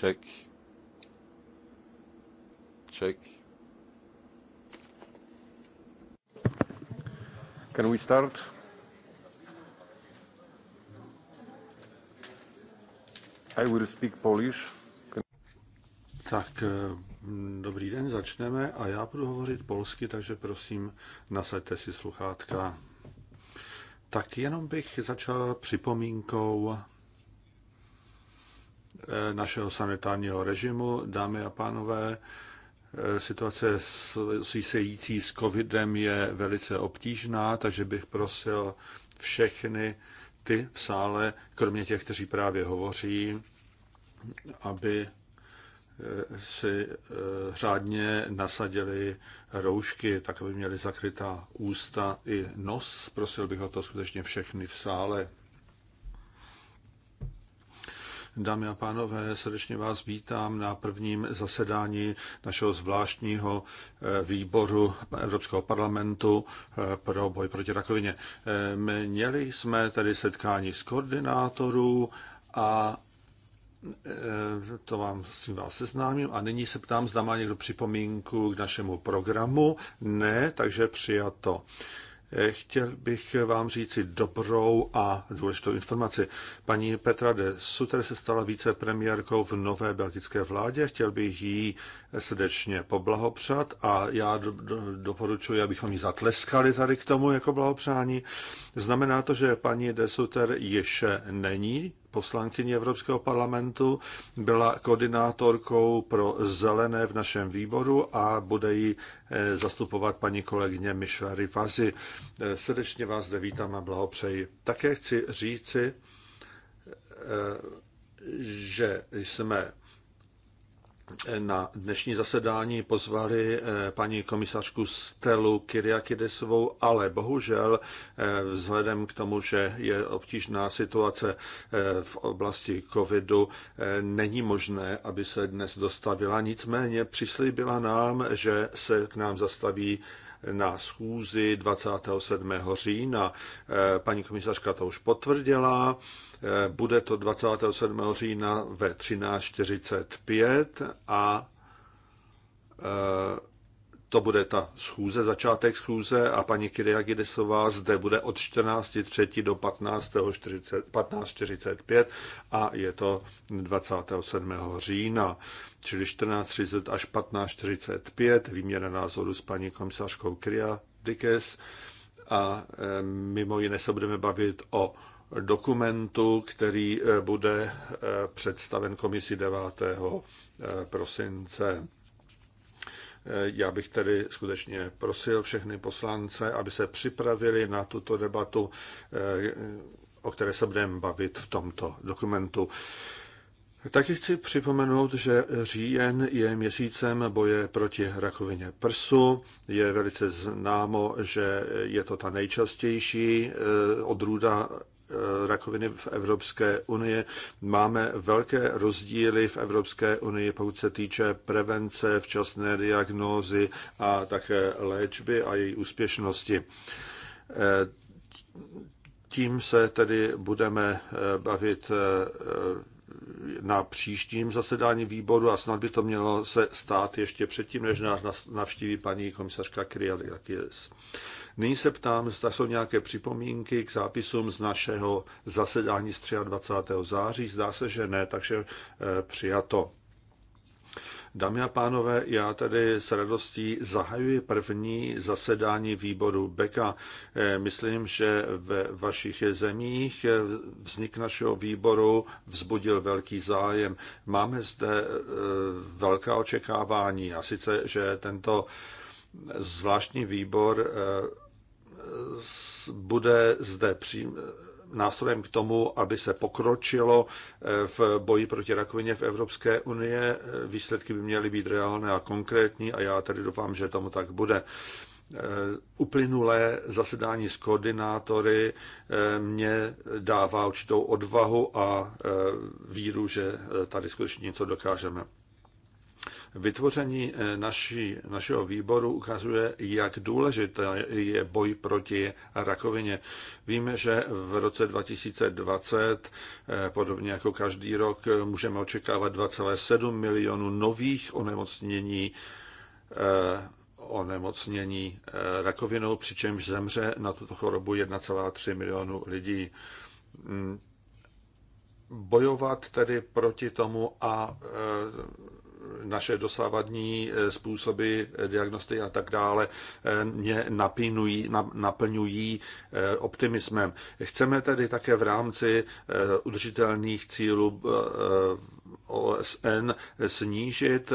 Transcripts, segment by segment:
Check. Check. Can we start? I will speak Polish. Tak eh, dobrý den, začneme a já budu hovořit polsky, takže prosím, nasaďte si sluchátka. Tak jenom bych začal připomínkou Eh, našeho sanitárního režimu. Dámy a pánové, eh, situace sísející s covidem je velice obtížná, takže bych prosil všechny ty v sále, kromě těch, kteří právě hovoří, aby eh, si řádně nasadili roušky, tak aby měli zakrytá ústa i nos. Prosil bych o to skutečně všechny v sále. Dámy a pánové, srdečně vás vítám na prvním zasedání našeho zvláštního eh, výboru Evropského parlamentu eh, pro boj proti rakovině. Eh, měli jsme tady setkání s koordinátorů a to vám s tím vás seznámím. A nyní se ptám, zda má někdo připomínku k našemu programu. Ne, takže přijato chtěl bych vám říci dobrou a důležitou informaci. Paní Petra de Suter se stala vicepremiérkou v nové belgické vládě. Chtěl bych jí srdečně poblahopřát a já doporučuji, abychom ji zatleskali tady k tomu jako blahopřání. Znamená to, že paní Desuter již není poslankyní Evropského parlamentu, byla koordinátorkou pro zelené v našem výboru a bude ji eh, zastupovat paní kolegyně Michelle Rivazi. Eh, srdečně vás zde vítám a blahopřeji. Také chci říci, eh, že jsme na dnešní zasedání pozvali eh, paní komisařku Stelu Kyriakidesovou, ale bohužel eh, vzhledem k tomu, že je obtížná situace eh, v oblasti covidu, není možné, aby se dnes dostavila. Nicméně přislíbila nám, že se k nám zastaví na schůzi 27. října. Eh, paní komisařka to už potvrdila. Eh, bude to 27. října ve 13.45 a eh, to bude ta schůze, začátek schůze a paní Kyriagidisová zde bude od 14.3. do 15.45 15 a je to 27. října, čili 14.30 až 15.45, výměna názoru s paní komisařkou Dikes a e, mimo jiné se budeme bavit o dokumentu, který e, bude e, představen komisi 9. prosince. Já bych tedy skutečně prosil všechny poslance, aby se připravili na tuto debatu, eh, o které se budeme bavit v tomto dokumentu. Taky chci připomenout, že říjen je měsícem boje proti rakovině prsu. Je velice známo, že je to ta nejčastější eh, odrůda Eh, rakoviny v Evropské unii. Máme velké rozdíly v Evropské unii, pokud se týče prevence, včasné diagnózy a také léčby a její úspěšnosti. Eh, tím se tedy budeme eh, bavit na příštím zasedání výboru a snad by to mělo se stát ještě předtím, než nás navštíví paní komisařka Kriadakis. Nyní se ptám, zda jsou nějaké připomínky k zápisům z našeho zasedání z 23. září. Zdá se, že ne, takže eh, přijato. Dámy a pánové, já tady s radostí zahajuji první zasedání výboru Beka. Eh, myslím, že ve vašich zemích eh, vznik našeho výboru vzbudil velký zájem. Máme zde velká očekávání a sice, že tento zvláštní výbor bude zde přím, nástrojem k tomu, aby se pokročilo eh, v boji proti rakovině v Evropské unie. Eh, výsledky by měly být reálné a konkrétní a já tedy doufám, že tomu tak bude. Eh, uplynulé zasedání s koordinátory mě dává určitou odvahu a víru, že tady skutečně něco dokážeme. Vytvoření eh, naší, našeho výboru ukazuje, jak důležitý je boj proti rakovině. Víme, že v roce 2020, eh, podobně jako každý rok, eh, můžeme očekávat 2,7 milionů nových onemocnění onemocnění rakovinou, přičemž zemře na tuto chorobu 1,3 milionu lidí. Hm, bojovat tedy proti tomu a naše dosávadní eh, způsoby eh, diagnostiky a tak dále eh, mě napínují, naplňují optimismem. Chceme tedy také v rámci udržitelných cílů OSN snížit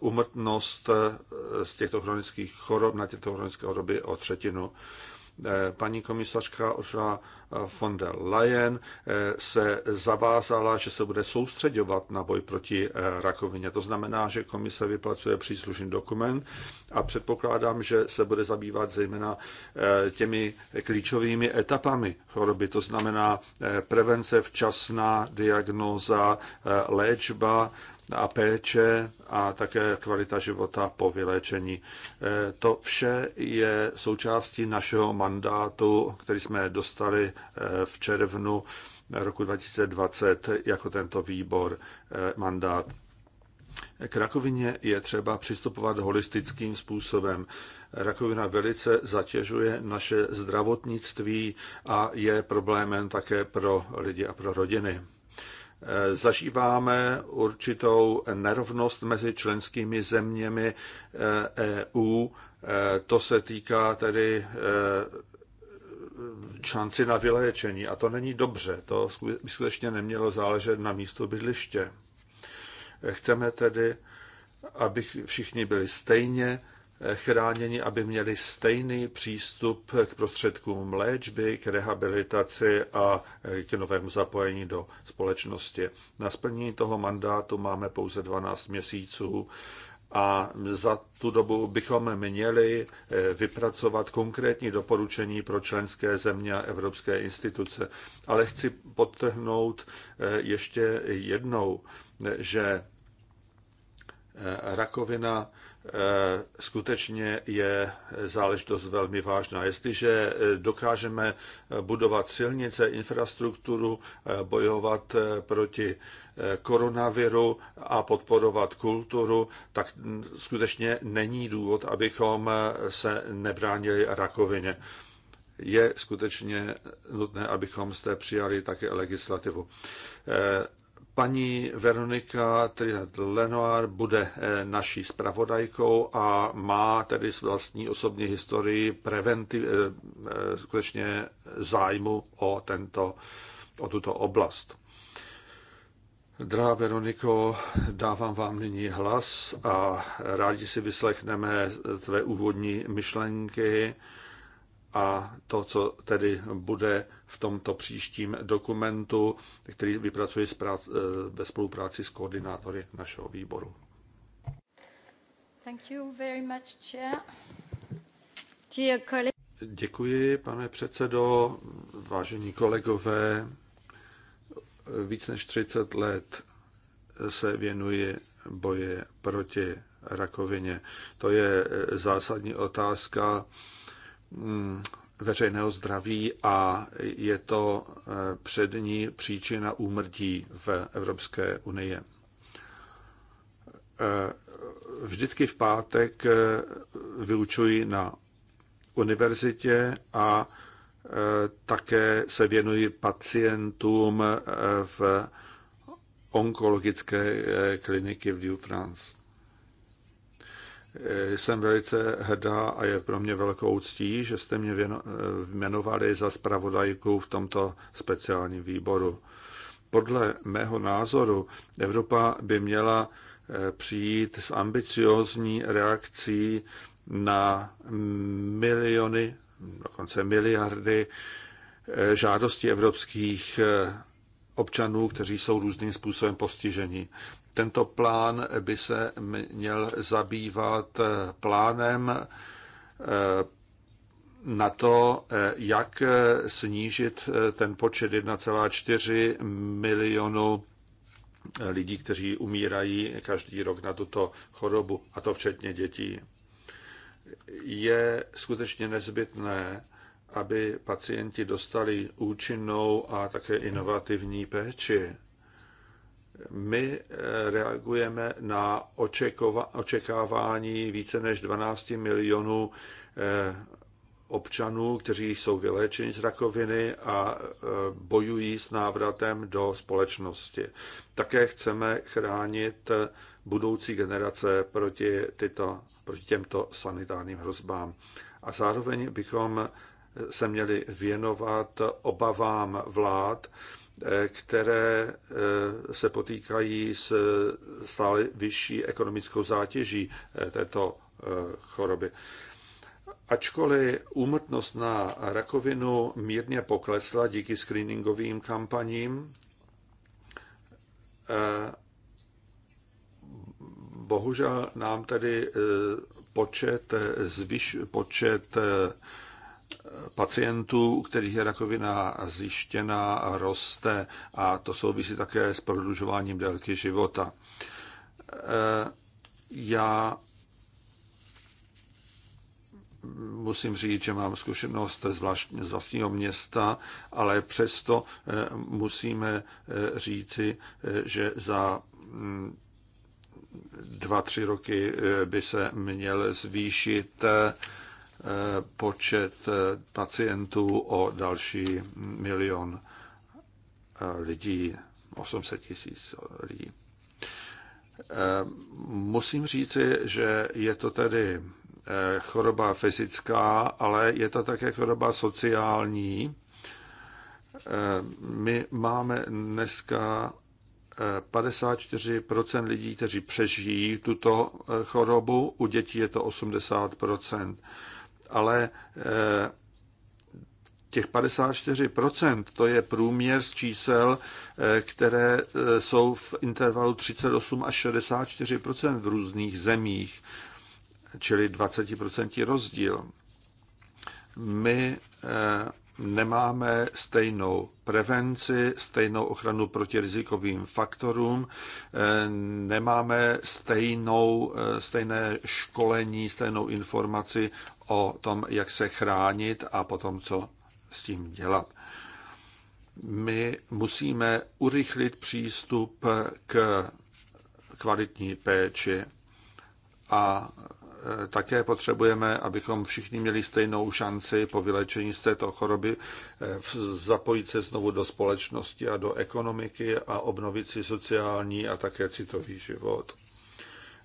umrtnost z těchto chronických chorob na těchto chronické choroby o třetinu. Eh, paní komisařka Ursula eh, von der Leyen eh, se zavázala, že se bude soustředovat na boj proti rakovině. To znamená, že komise vypracuje příslušný dokument a předpokládám, že se bude zabývat zejména těmi klíčovými etapami choroby. To znamená prevence, včasná diagnóza, léčba, a péče a také kvalita života po vyléčení. E, to vše je součástí našeho mandátu, který jsme dostali e, v červnu roku 2020 jako tento výbor e, mandát. K rakovině je třeba přistupovat holistickým způsobem. Rakovina velice zatěžuje naše zdravotnictví a je problémem také pro lidi a pro rodiny. Eh, zažíváme určitou nerovnost mezi členskými zeměmi EU. Eh, e eh, to se týká tedy šanci na vyléčení a to není dobře. To by skutečně nemělo záležet na místu bydliště. Chceme tedy, aby všichni byli stejně chráněni, aby měli stejný přístup k prostředkům léčby, k rehabilitaci a k novému zapojení do společnosti. Na splnění toho mandátu máme pouze 12 měsíců a za tu dobu bychom měli eh, vypracovat konkrétní doporučení pro členské země a evropské instituce. Ale chci podtrhnout eh, ještě jednou, eh, že rakovina Eh, skutečně je záležitost velmi vážná. Jestliže eh, dokážeme eh, budovat silnice, infrastrukturu, bojovat proti koronaviru a podporovat kulturu, tak mm, skutečně není důvod, abychom se nebránili rakovině. Je skutečně nutné, abychom zde přijali také legislativu. Paní Veronika Trinat Lenoir bude eh, naší spravodajkou a má tedy s vlastní osobní historii preventiv, eh, eh, skutečně zájmu o, tento, o tuto oblast. Drahá Veroniko, dávám vám nyní hlas a rádi si vyslechneme tvé úvodní myšlenky a to, co tedy bude v tomto příštím dokumentu, který vypracuji eh, ve spolupráci s koordinátory našeho výboru. Thank you very much, Chair. Dear Děkuji, pane předsedo, vážení kolegové. Víc než 30 let se věnuji boje proti rakovině. To je eh, zásadní otázka, Mm, veřejného zdraví a je to eh, přední příčina úmrtí v Evropské unii. Eh, vždycky v pátek eh, vyučuji na univerzitě a také se věnuji pacientům v onkologické kliniky v New France. Eh, jsem velice hrdá a je pro mě velkou ctí, že jste mě eh, jmenovali za zpravodajku v tomto speciálním výboru. Podle mého názoru Evropa by měla eh, přijít s ambiciózní reakcí na miliony, dokonce miliardy žádostí evropských občanů, kteří jsou různým způsobem postiženi. Tento plán by se měl zabývat eh, plánem eh, na to, eh, jak snížit ten počet 1,4 milionu lidí, kteří umírají každý rok na tuto chorobu, a to včetně dětí. Je skutečně nezbytné, aby pacienti dostali účinnou a také inovativní péči. My eh, reagujeme na očekávání více než 12 milionů eh, občanů, kteří jsou vyléčeni z rakoviny a eh, bojují s návratem do společnosti. Také chceme chránit budoucí generace proti, tyto, proti těmto sanitárním hrozbám. A zároveň bychom se měli věnovat obavám vlád, které eh, se potýkají s stále vyšší ekonomickou zátěží eh, této eh, choroby. Ačkoliv úmrtnost na rakovinu mírně poklesla díky screeningovým kampaním, bohužel nám tedy počet, zvyš, počet pacientů, u kterých je rakovina zjištěna roste a to souvisí také s prodlužováním délky života. Eh, já musím říct, že mám zkušenost zvláštně z vlastního města, ale přesto eh, musíme eh, říci, že za hm, dva, tři roky by se měl zvýšit počet pacientů o další milion lidí, 800 tisíc lidí. Musím říci, že je to tedy eh, choroba fyzická, ale je to také choroba sociální. Eh, my máme dneska 54% eh, lidí, kteří přežijí tuto chorobu, u dětí je to 80% ale eh, těch 54% to je průměr z čísel, eh, které eh, jsou v intervalu 38 až 64% v různých zemích, čili 20% rozdíl. My nemáme stejnou prevenci, stejnou ochranu proti rizikovým faktorům, nemáme stejnou, stejné školení, stejnou informaci o tom, jak se chránit a potom, co s tím dělat. My musíme urychlit přístup k kvalitní péči a e, také potřebujeme, abychom všichni měli stejnou šanci po vylečení z této choroby e, zapojit se znovu do společnosti a do ekonomiky a obnovit si sociální a také citový život.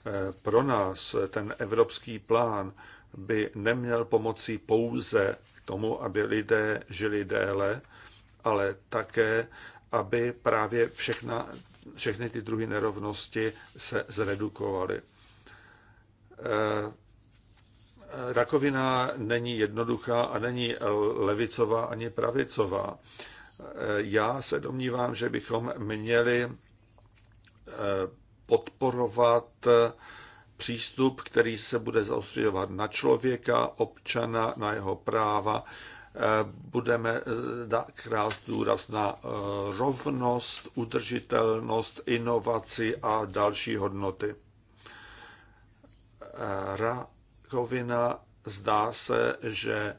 E, pro nás ten evropský plán by neměl pomoci pouze tomu, aby lidé žili déle, ale také, aby právě všechna, všechny ty druhy nerovnosti se zredukovaly. Eh, rakovina není jednoduchá a není levicová ani pravicová. Eh, já se domnívám, že bychom měli eh, podporovat přístup, který se bude zaostřovat na člověka, občana, na jeho práva. Eh, budeme eh, krást důraz na eh, rovnost, udržitelnost, inovaci a další hodnoty. Rakovina zdá se, že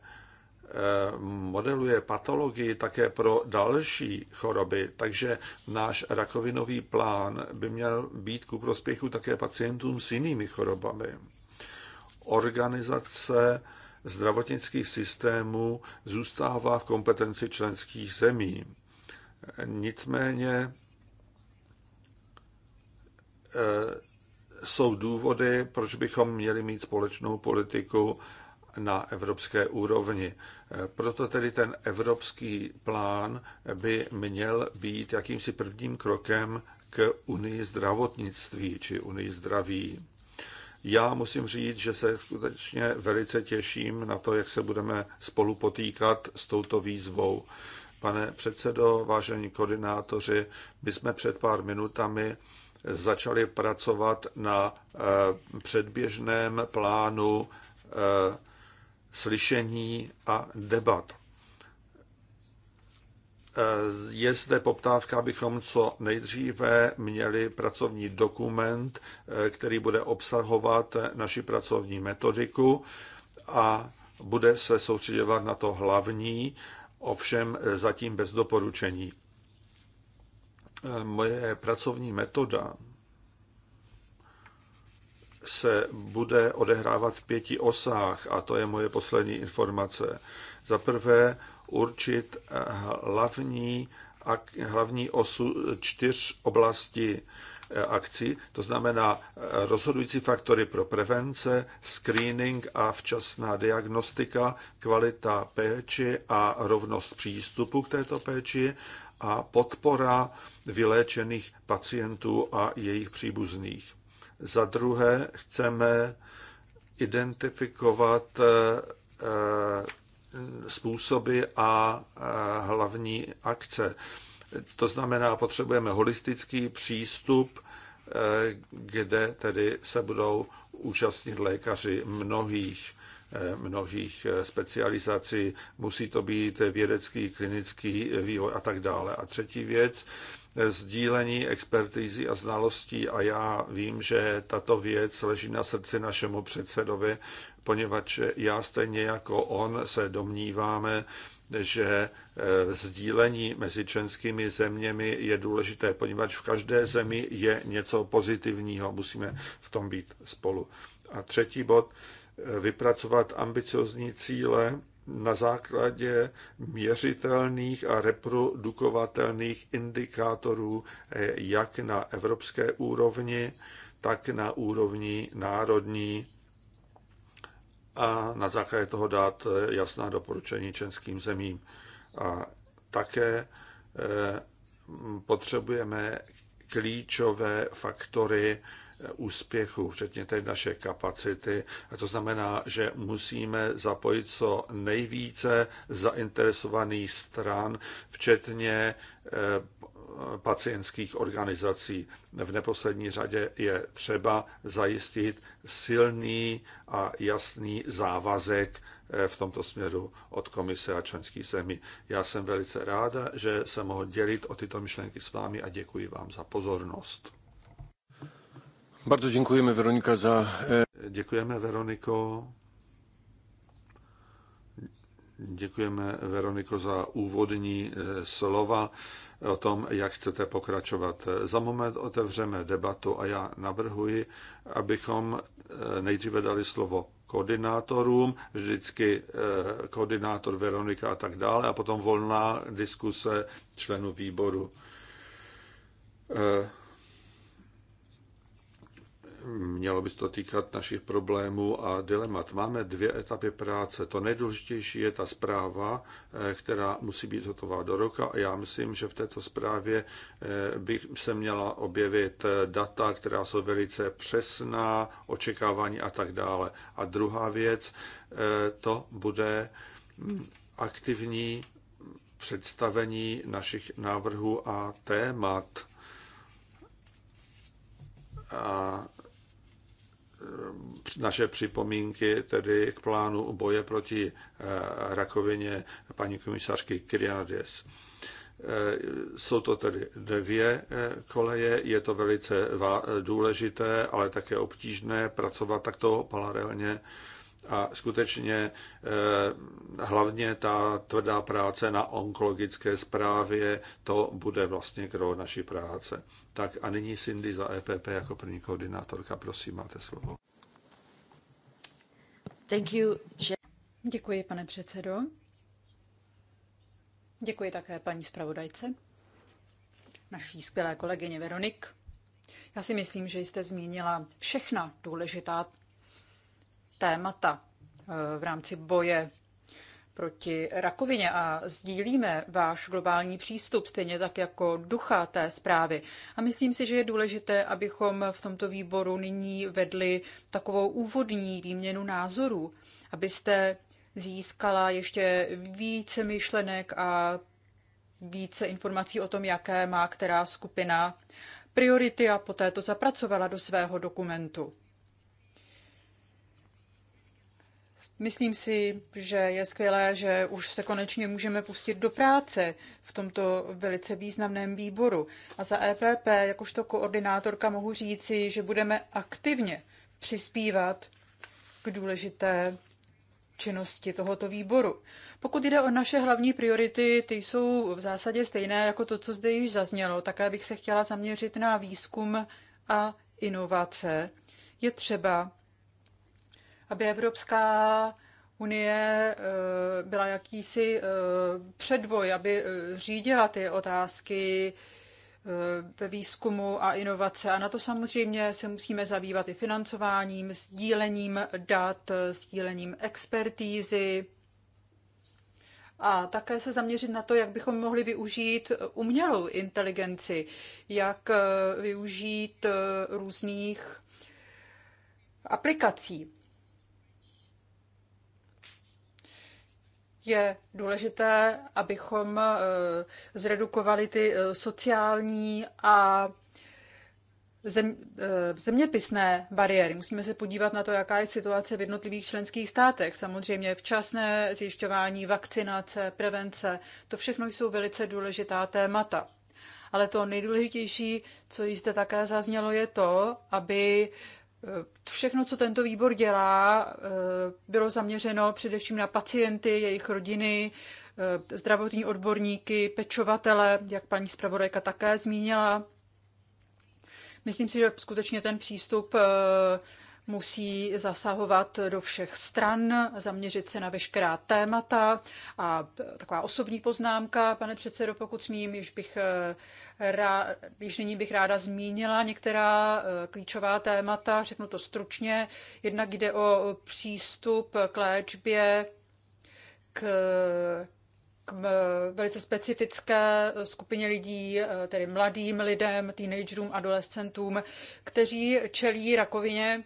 Eh, modeluje patologii také pro další choroby, takže náš rakovinový plán by měl být ku prospěchu také pacientům s jinými chorobami. Organizace zdravotnických systémů zůstává v kompetenci členských zemí. Nicméně eh, jsou důvody, proč bychom měli mít společnou politiku na evropské úrovni. Proto tedy ten evropský plán by měl být jakýmsi prvním krokem k unii zdravotnictví či unii zdraví. Já musím říct, že se skutečně velice těším na to, jak se budeme spolu potýkat s touto výzvou. Pane předsedo, vážení koordinátoři, my jsme před pár minutami začali pracovat na eh, předběžném plánu eh, slyšení a debat. E, je zde poptávka, abychom co nejdříve měli pracovní dokument, e, který bude obsahovat naši pracovní metodiku a bude se soustředovat na to hlavní, ovšem zatím bez doporučení. E, moje pracovní metoda se bude odehrávat v pěti osách a to je moje poslední informace. Za prvé určit hlavní, hlavní osu čtyř oblasti eh, akcí, to znamená eh, rozhodující faktory pro prevence, screening a včasná diagnostika, kvalita péči a rovnost přístupu k této péči a podpora vyléčených pacientů a jejich příbuzných. Za druhé chceme identifikovat eh, eh, způsoby a eh, hlavní akce. To znamená, potřebujeme holistický přístup, kde tedy se budou účastnit lékaři mnohých mnohých specializací, musí to být vědecký, klinický vývoj a tak dále. A třetí věc, sdílení expertízy a znalostí a já vím, že tato věc leží na srdci našemu předsedovi, poněvadž já stejně jako on se domníváme, že e, sdílení mezi členskými zeměmi je důležité, poněvadž v každé zemi je něco pozitivního, musíme v tom být spolu. A třetí bod, e, vypracovat ambiciozní cíle na základě měřitelných a reprodukovatelných indikátorů, eh, jak na evropské úrovni, tak na úrovni národní a na základě toho dát eh, jasná doporučení českým zemím. A také eh, potřebujeme klíčové faktory úspěchu, včetně tedy naše kapacity. A to znamená, že musíme zapojit co nejvíce zainteresovaných stran, včetně eh, pacientských organizací. V neposlední řadě je třeba zajistit silný a jasný závazek eh, v tomto směru od komise a členských zemí. Já jsem velice ráda, že se mohl dělit o tyto myšlenky s vámi a děkuji vám za pozornost. Bardzo děkujeme, Veronika, za... E, děkujeme, Veroniko. Děkujeme, Veroniko, za úvodní e, slova o tom, jak chcete pokračovat. Za moment otevřeme debatu a já navrhuji, abychom e, nejdříve dali slovo koordinátorům, vždycky koordinátor Veronika a tak dále, a potom volná diskuse členů výboru. Mělo by se to týkat našich problémů a dilemat. Máme dvě etapy práce. To nejdůležitější je ta zpráva, eh, která musí být hotová do roka a já myslím, že v této zprávě eh, by se měla objevit eh, data, která jsou velice přesná, očekávání a tak dále. A druhá věc, to bude hm, aktivní představení našich návrhů a témat. A Eh, naše připomínky tedy k plánu boje proti eh, rakovině paní komisařky Kyriadis. Eh, jsou to tedy dvě koleje, je to velice důležité, ale také obtížné pracovat takto paralelně a skutečně eh, hlavně ta tvrdá práce na onkologické zprávě, to bude vlastně kro naší práce. Tak a nyní Cindy za EPP jako první koordinátorka, prosím, máte slovo. Thank you. Děkuji, pane předsedo. Děkuji také paní zpravodajce, naší skvělé kolegyně Veronik. Já si myslím, že jste zmínila všechna důležitá témata eh, v rámci boje proti rakovině a sdílíme váš globální přístup, stejně tak jako ducha té zprávy. A myslím si, že je důležité, abychom v tomto výboru nyní vedli takovou úvodní výměnu názorů, abyste získala ještě více myšlenek a více informací o tom, jaké má která skupina priority a poté to zapracovala do svého dokumentu. Myslím si, že je skvělé, že už se konečně můžeme pustit do práce v tomto velice významném výboru. A za EPP, jakožto koordinátorka, mohu říci, že budeme aktivně přispívat k důležité činnosti tohoto výboru. Pokud jde o naše hlavní priority, ty jsou v zásadě stejné jako to, co zde již zaznělo. Také bych se chtěla zaměřit na výzkum a inovace. Je třeba aby Evropská unie eh, byla jakýsi eh, předvoj, aby eh, řídila ty otázky ve výzkumu a inovace. A na to samozřejmě se musíme zabývat i financováním, sdílením dat, sdílením expertízy a také se zaměřit na to, jak bychom mohli využít umělou inteligenci, jak využít různých aplikací. je důležité, abychom eh, zredukovali ty eh, sociální a zem, eh, zeměpisné bariéry. Musíme se podívat na to, jaká je situace v jednotlivých členských státech. Samozřejmě včasné zjišťování, vakcinace, prevence, to všechno jsou velice důležitá témata. Ale to nejdůležitější, co jste také zaznělo, je to, aby Eh, všechno, co tento výbor dělá, eh, bylo zaměřeno především na pacienty, jejich rodiny, eh, zdravotní odborníky, pečovatele, jak paní zpravodajka také zmínila. Myslím si, že skutečně ten přístup musí zasahovat do všech stran, zaměřit se na veškerá témata. A taková osobní poznámka, pane předsedo, pokud smím, již, bych eh, rá, již nyní bych ráda zmínila některá eh, klíčová témata, řeknu to stručně. Jednak jde o přístup k léčbě, k k eh, velice specifické skupině lidí, tedy mladým lidem, teenagerům, adolescentům, kteří čelí rakovině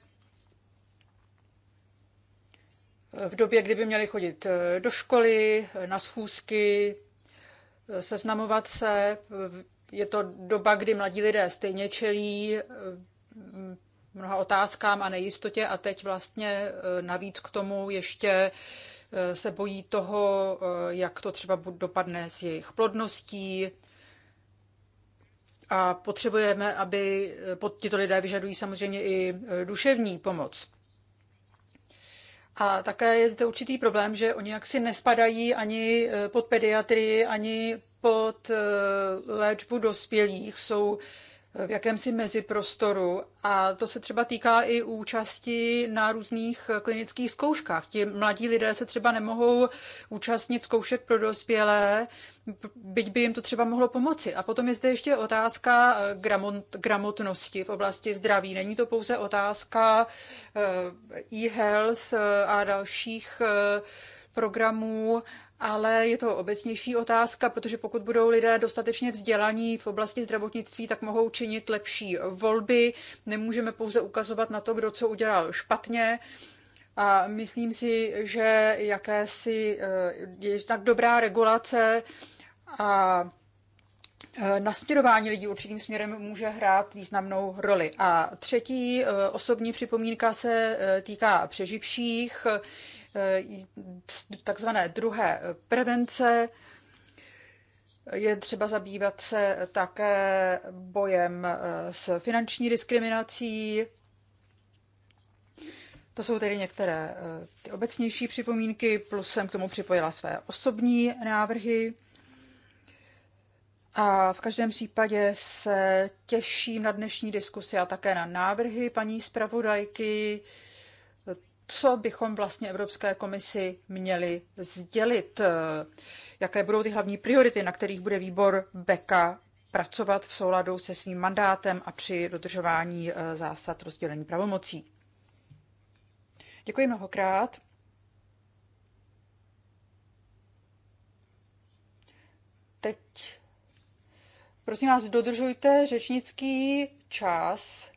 v době, kdy by měli chodit eh, do školy, eh, na schůzky, eh, seznamovat se. Je to doba, kdy mladí lidé stejně čelí mnoha otázkám a nejistotě a teď vlastně navíc k tomu ještě se bojí toho, jak to třeba dopadne s jejich plodností. A potřebujeme, aby tito lidé vyžadují samozřejmě i duševní pomoc. A také je zde určitý problém, že oni jaksi nespadají ani eh, pod pediatrii, ani pod eh, léčbu dospělých. Jsou v jakémsi meziprostoru a to se třeba týká i účasti na různých klinických zkouškách. Ti mladí lidé se třeba nemohou účastnit zkoušek pro dospělé, byť by jim to třeba mohlo pomoci. A potom je zde ještě otázka eh, gramotnosti v oblasti zdraví. Není to pouze otázka eh, e-health eh, a dalších programů, ale je to obecnější otázka, protože pokud budou lidé dostatečně vzdělaní v oblasti zdravotnictví, tak mohou činit lepší volby. Nemůžeme pouze ukazovat na to, kdo co udělal špatně. A myslím si, že jakési eh, je tak dobrá regulace a eh, nasměrování lidí určitým směrem může hrát významnou roli. A třetí eh, osobní připomínka se týká přeživších. Eh, takzvané druhé prevence. Je třeba zabývat se také bojem eh, s finanční diskriminací. To jsou tedy některé eh, ty obecnější připomínky, plus jsem k tomu připojila své osobní návrhy. A v každém případě se těším na dnešní diskusi a také na návrhy paní zpravodajky co bychom vlastně Evropské komisi měli sdělit, eh, jaké budou ty hlavní priority, na kterých bude výbor Beka pracovat v souladu se svým mandátem a při dodržování eh, zásad rozdělení pravomocí. Děkuji mnohokrát. Teď prosím vás, dodržujte řečnický čas.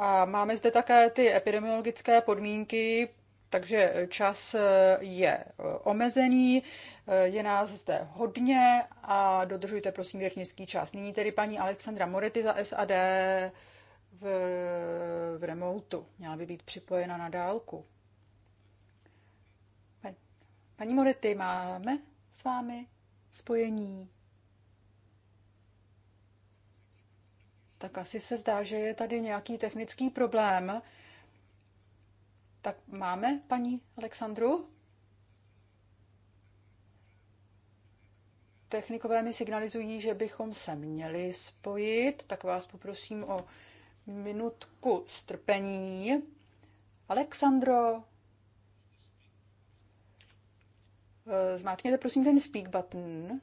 A máme zde také ty epidemiologické podmínky, takže čas eh, je eh, omezený, eh, je nás zde hodně a dodržujte prosím řečnický čas. Nyní tedy paní Alexandra Morety za SAD v, v remotu. Měla by být připojena na dálku. Paní Morety, máme s vámi spojení? tak asi se zdá, že je tady nějaký technický problém. Tak máme paní Alexandru? Technikové mi signalizují, že bychom se měli spojit, tak vás poprosím o minutku strpení. Alexandro, eh, zmáčkněte prosím ten speak button.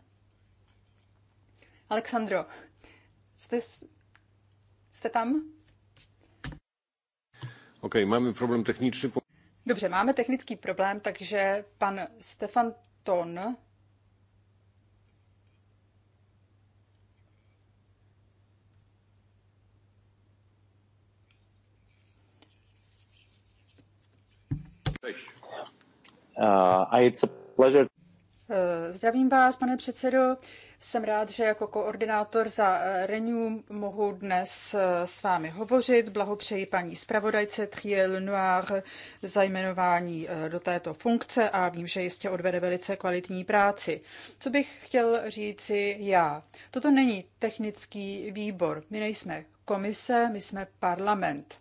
Alexandro, jste, Jste tam? OK, máme problém technický. Dobře, máme technický problém, takže pan Stefan Ton Uh, it's a pleasure Eh, zdravím vás, pane předsedo. Jsem rád, že jako koordinátor za eh, Renew mohu dnes eh, s vámi hovořit. Blahopřeji paní zpravodajce Triel Noir za jmenování do této funkce a vím, že jistě odvede velice kvalitní práci. Co bych chtěl říci já? Toto není technický výbor. My nejsme komise, my jsme parlament.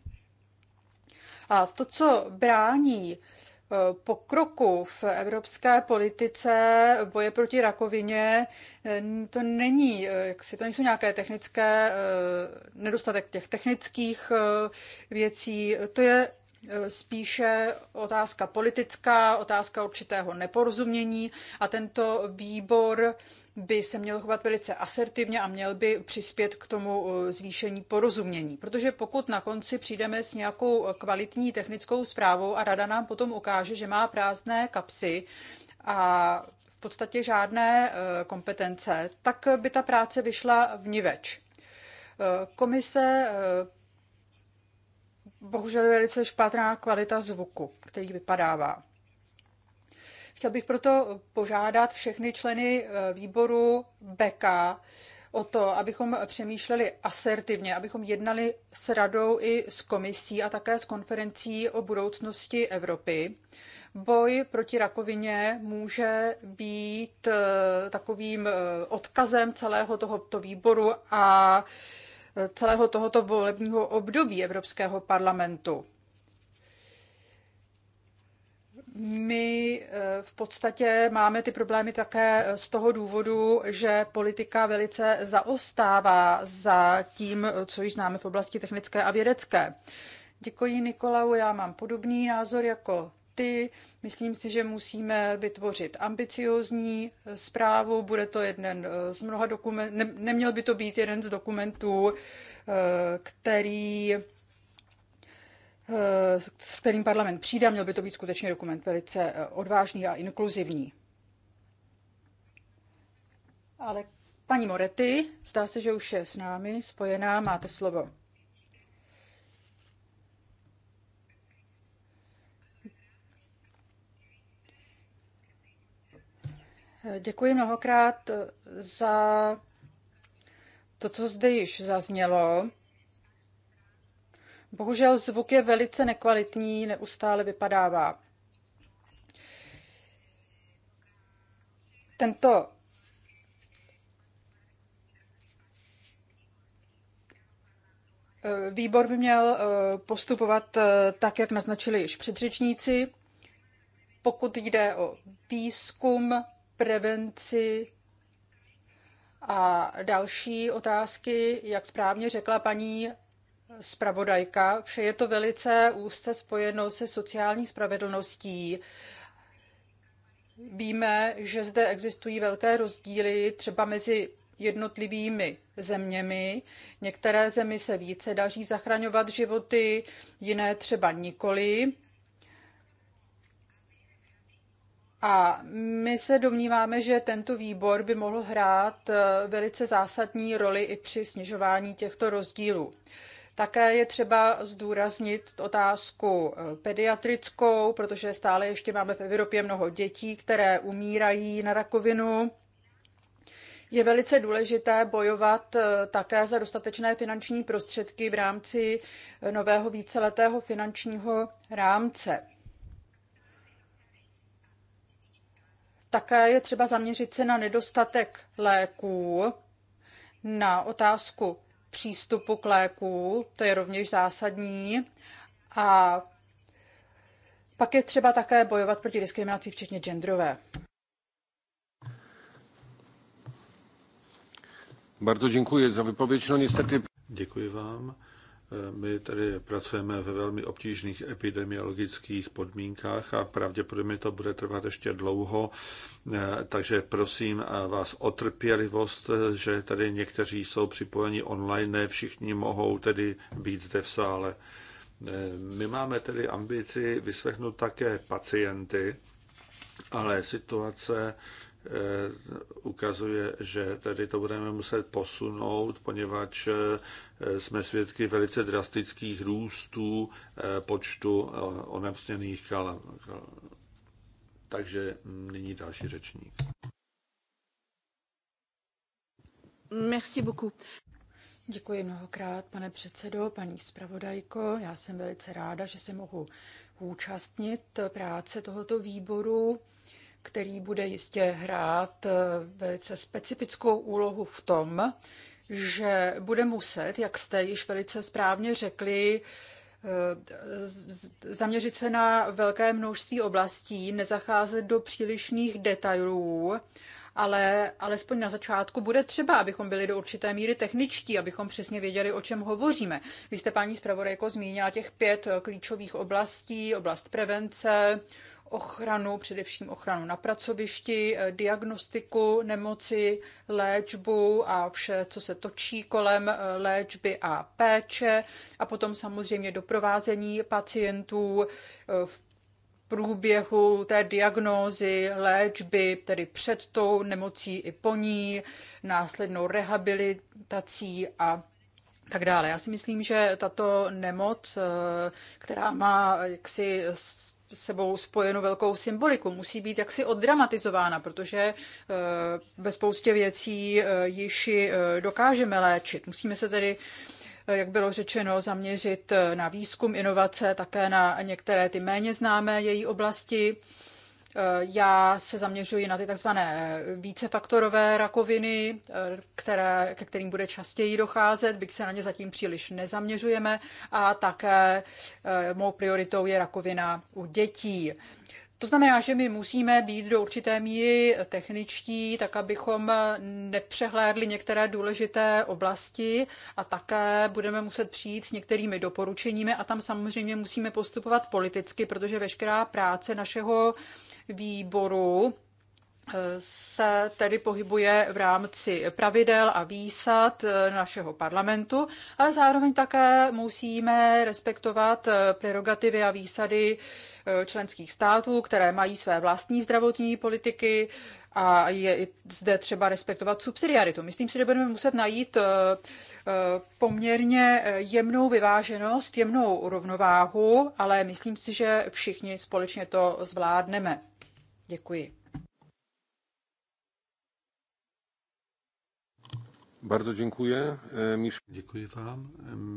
A to, co brání pokroku v evropské politice boje proti rakovině, to není, eh, jak si to nejsou nějaké technické, eh, nedostatek těch technických eh, věcí, to je spíše otázka politická, otázka určitého neporozumění a tento výbor by se měl chovat velice asertivně a měl by přispět k tomu uh, zvýšení porozumění. Protože pokud na konci přijdeme s nějakou kvalitní technickou zprávou a rada nám potom ukáže, že má prázdné kapsy a v podstatě žádné uh, kompetence, tak by ta práce vyšla vniveč. Uh, komise bohužel je velice špatná kvalita zvuku, který vypadává. Chtěl bych proto požádat všechny členy eh, výboru BK o to, abychom přemýšleli asertivně, abychom jednali s radou i s komisí a také s konferencí o budoucnosti Evropy. Boj proti rakovině může být eh, takovým eh, odkazem celého tohoto výboru a celého tohoto volebního období Evropského parlamentu my eh, v podstatě máme ty problémy také eh, z toho důvodu, že politika velice zaostává za tím, eh, co již známe v oblasti technické a vědecké. Děkuji Nikolau, já mám podobný názor jako ty. Myslím si, že musíme vytvořit ambiciozní zprávu. Bude to jeden z mnoha dokumentů, ne, neměl by to být jeden z dokumentů, který Eh, s kterým parlament přijde, měl by to být skutečně dokument velice eh, odvážný a inkluzivní. Ale paní Morety zdá se, že už je s námi spojená, máte slovo. Eh, děkuji mnohokrát za to, co zde již zaznělo. Bohužel zvuk je velice nekvalitní, neustále vypadává. Tento výbor by měl eh, postupovat eh, tak, jak naznačili již předřečníci. Pokud jde o výzkum, prevenci a další otázky, jak správně řekla paní zpravodajka, vše je to velice úzce spojeno se sociální spravedlností. Víme, že zde existují velké rozdíly třeba mezi jednotlivými zeměmi. Některé zemi se více daří zachraňovat životy, jiné třeba nikoli. A my se domníváme, že tento výbor by mohl hrát velice zásadní roli i při snižování těchto rozdílů. Také je třeba zdůraznit otázku eh, pediatrickou, protože stále ještě máme v Evropě mnoho dětí, které umírají na rakovinu. Je velice důležité bojovat eh, také za dostatečné finanční prostředky v rámci eh, nového víceletého finančního rámce. Také je třeba zaměřit se na nedostatek léků, na otázku přístupu k léku, to je rovněž zásadní. A pak je třeba také bojovat proti diskriminaci, včetně genderové. Bardzo dziękuję za wypowiedź. No niestety... Děkuji vám. Eh, my tady pracujeme ve velmi obtížných epidemiologických podmínkách a pravděpodobně to bude trvat ještě dlouho, eh, takže prosím eh, vás o trpělivost, že tady někteří jsou připojeni online, ne všichni mohou tedy být zde v sále. My máme tedy ambici vyslechnout také pacienty, ale situace Eh, ukazuje, že tady to budeme muset posunout, poněvadž eh, jsme svědky velice drastických růstů eh, počtu onemocněných kalem. Takže nyní další řečník. Merci beaucoup. Děkuji mnohokrát, pane předsedo, paní zpravodajko. Já jsem velice ráda, že se mohu účastnit práce tohoto výboru který bude jistě hrát eh, velice specifickou úlohu v tom, že bude muset, jak jste již velice správně řekli, eh, zaměřit se na velké množství oblastí, nezacházet do přílišných detailů, ale alespoň na začátku bude třeba, abychom byli do určité míry techničtí, abychom přesně věděli, o čem hovoříme. Vy jste, paní zpravodajko, zmínila těch pět eh, klíčových oblastí, oblast prevence, ochranu, především ochranu na pracovišti, eh, diagnostiku nemoci, léčbu a vše, co se točí kolem eh, léčby a péče a potom samozřejmě doprovázení pacientů eh, v průběhu té diagnózy, léčby, tedy před tou nemocí i po ní, následnou rehabilitací a tak dále. Já si myslím, že tato nemoc, která má jaksi sebou spojenu velkou symboliku. Musí být jaksi oddramatizována, protože eh, ve spoustě věcí eh, již eh, dokážeme léčit. Musíme se tedy jak bylo řečeno, zaměřit na výzkum, inovace, také na některé ty méně známé její oblasti. Eh, já se zaměřuji na ty takzvané eh, vícefaktorové rakoviny, eh, které, ke kterým bude častěji docházet, byť se na ně zatím příliš nezaměřujeme. A také mou prioritou je rakovina u dětí. To znamená, že my musíme být do určité míry techničtí, tak abychom nepřehlédli některé důležité oblasti a také budeme muset přijít s některými doporučeními a tam samozřejmě musíme postupovat politicky, protože veškerá práce našeho výboru eh, se tedy pohybuje v rámci pravidel a výsad eh, našeho parlamentu, ale zároveň také musíme respektovat eh, prerogativy a výsady členských států, které mají své vlastní zdravotní politiky a je zde třeba respektovat subsidiaritu. Myslím si, že budeme muset najít poměrně jemnou vyváženost, jemnou rovnováhu, ale myslím si, že všichni společně to zvládneme. Děkuji. Bardzo dziękuję. E, Mich... Děkuji vám.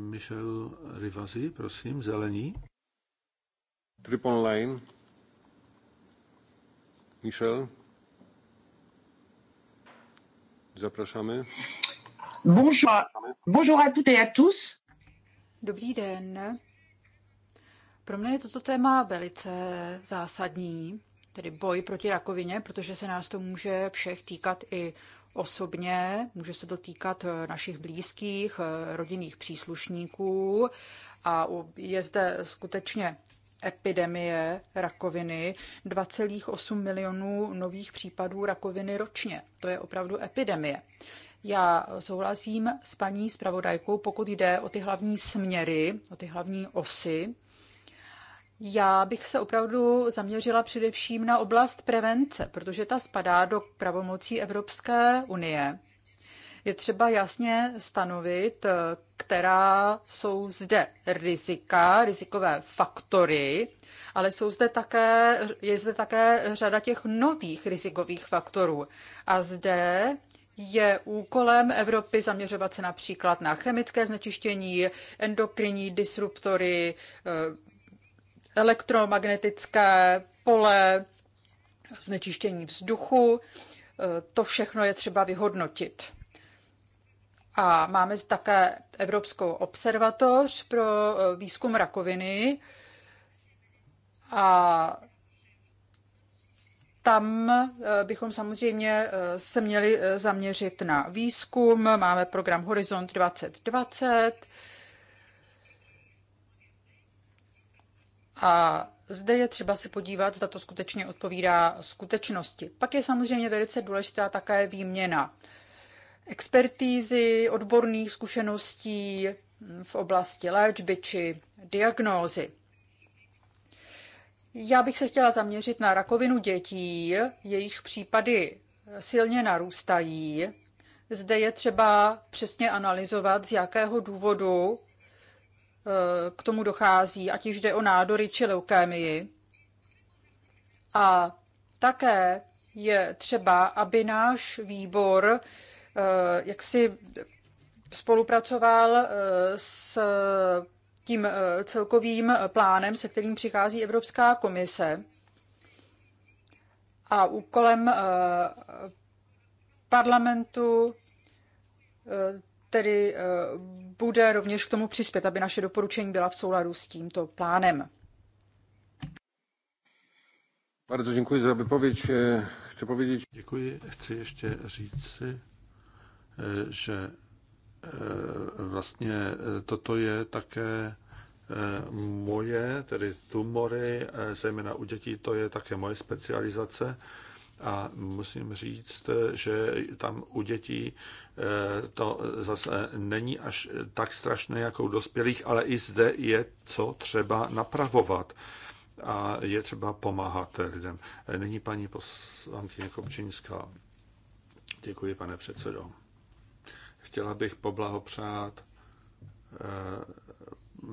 Michel Rivazi, prosím, zelení. Trip online. Michel. Zapraszamy. Bonjour. Bonjour à toutes et à tous. Dobrý den. Pro mě je toto téma velice zásadní tedy boj proti rakovině, protože se nás to může všech týkat i osobně, může se to týkat eh, našich blízkých, eh, rodinných příslušníků a je zde skutečně epidemie rakoviny, 2,8 milionů nových případů rakoviny ročně. To je opravdu epidemie. Já souhlasím s paní zpravodajkou, pokud jde o ty hlavní směry, o ty hlavní osy já bych se opravdu zaměřila především na oblast prevence, protože ta spadá do pravomocí Evropské unie. Je třeba jasně stanovit, která jsou zde rizika, rizikové faktory, ale jsou zde také, je zde také řada těch nových rizikových faktorů. A zde je úkolem Evropy zaměřovat se například na chemické znečištění, endokrinní disruptory, elektromagnetické pole, znečištění vzduchu. To všechno je třeba vyhodnotit. A máme také Evropskou observatoř pro eh, výzkum rakoviny a tam eh, bychom samozřejmě eh, se měli zaměřit na výzkum. Máme program Horizont 2020, A zde je třeba se podívat, zda to skutečně odpovídá skutečnosti. Pak je samozřejmě velice důležitá také výměna expertízy, odborných zkušeností v oblasti léčby či diagnózy. Já bych se chtěla zaměřit na rakovinu dětí, jejich případy silně narůstají. Zde je třeba přesně analyzovat, z jakého důvodu Eh, k tomu dochází, ať již jde o nádory či leukémii. A také je třeba, aby náš výbor eh, jak si spolupracoval eh, s tím celkovým plánem, se kterým přichází Evropská komise. A úkolem parlamentu tedy eh, bude rovněž k tomu přispět, aby naše doporučení byla v souladu s tímto plánem. Bardzo děkuji za vypověď. E, Chci povědět... Děkuji. Chci ještě říci, že vlastně e, e, toto je také moje, tedy tumory, zejména u dětí, to je také moje specializace a musím říct, že tam u dětí eh, to zase není až tak strašné jako u dospělých, ale i zde je co třeba napravovat a je třeba pomáhat lidem. Nyní paní poslankyně Kopčinská. Děkuji, pane předsedo. Chtěla bych poblahopřát eh,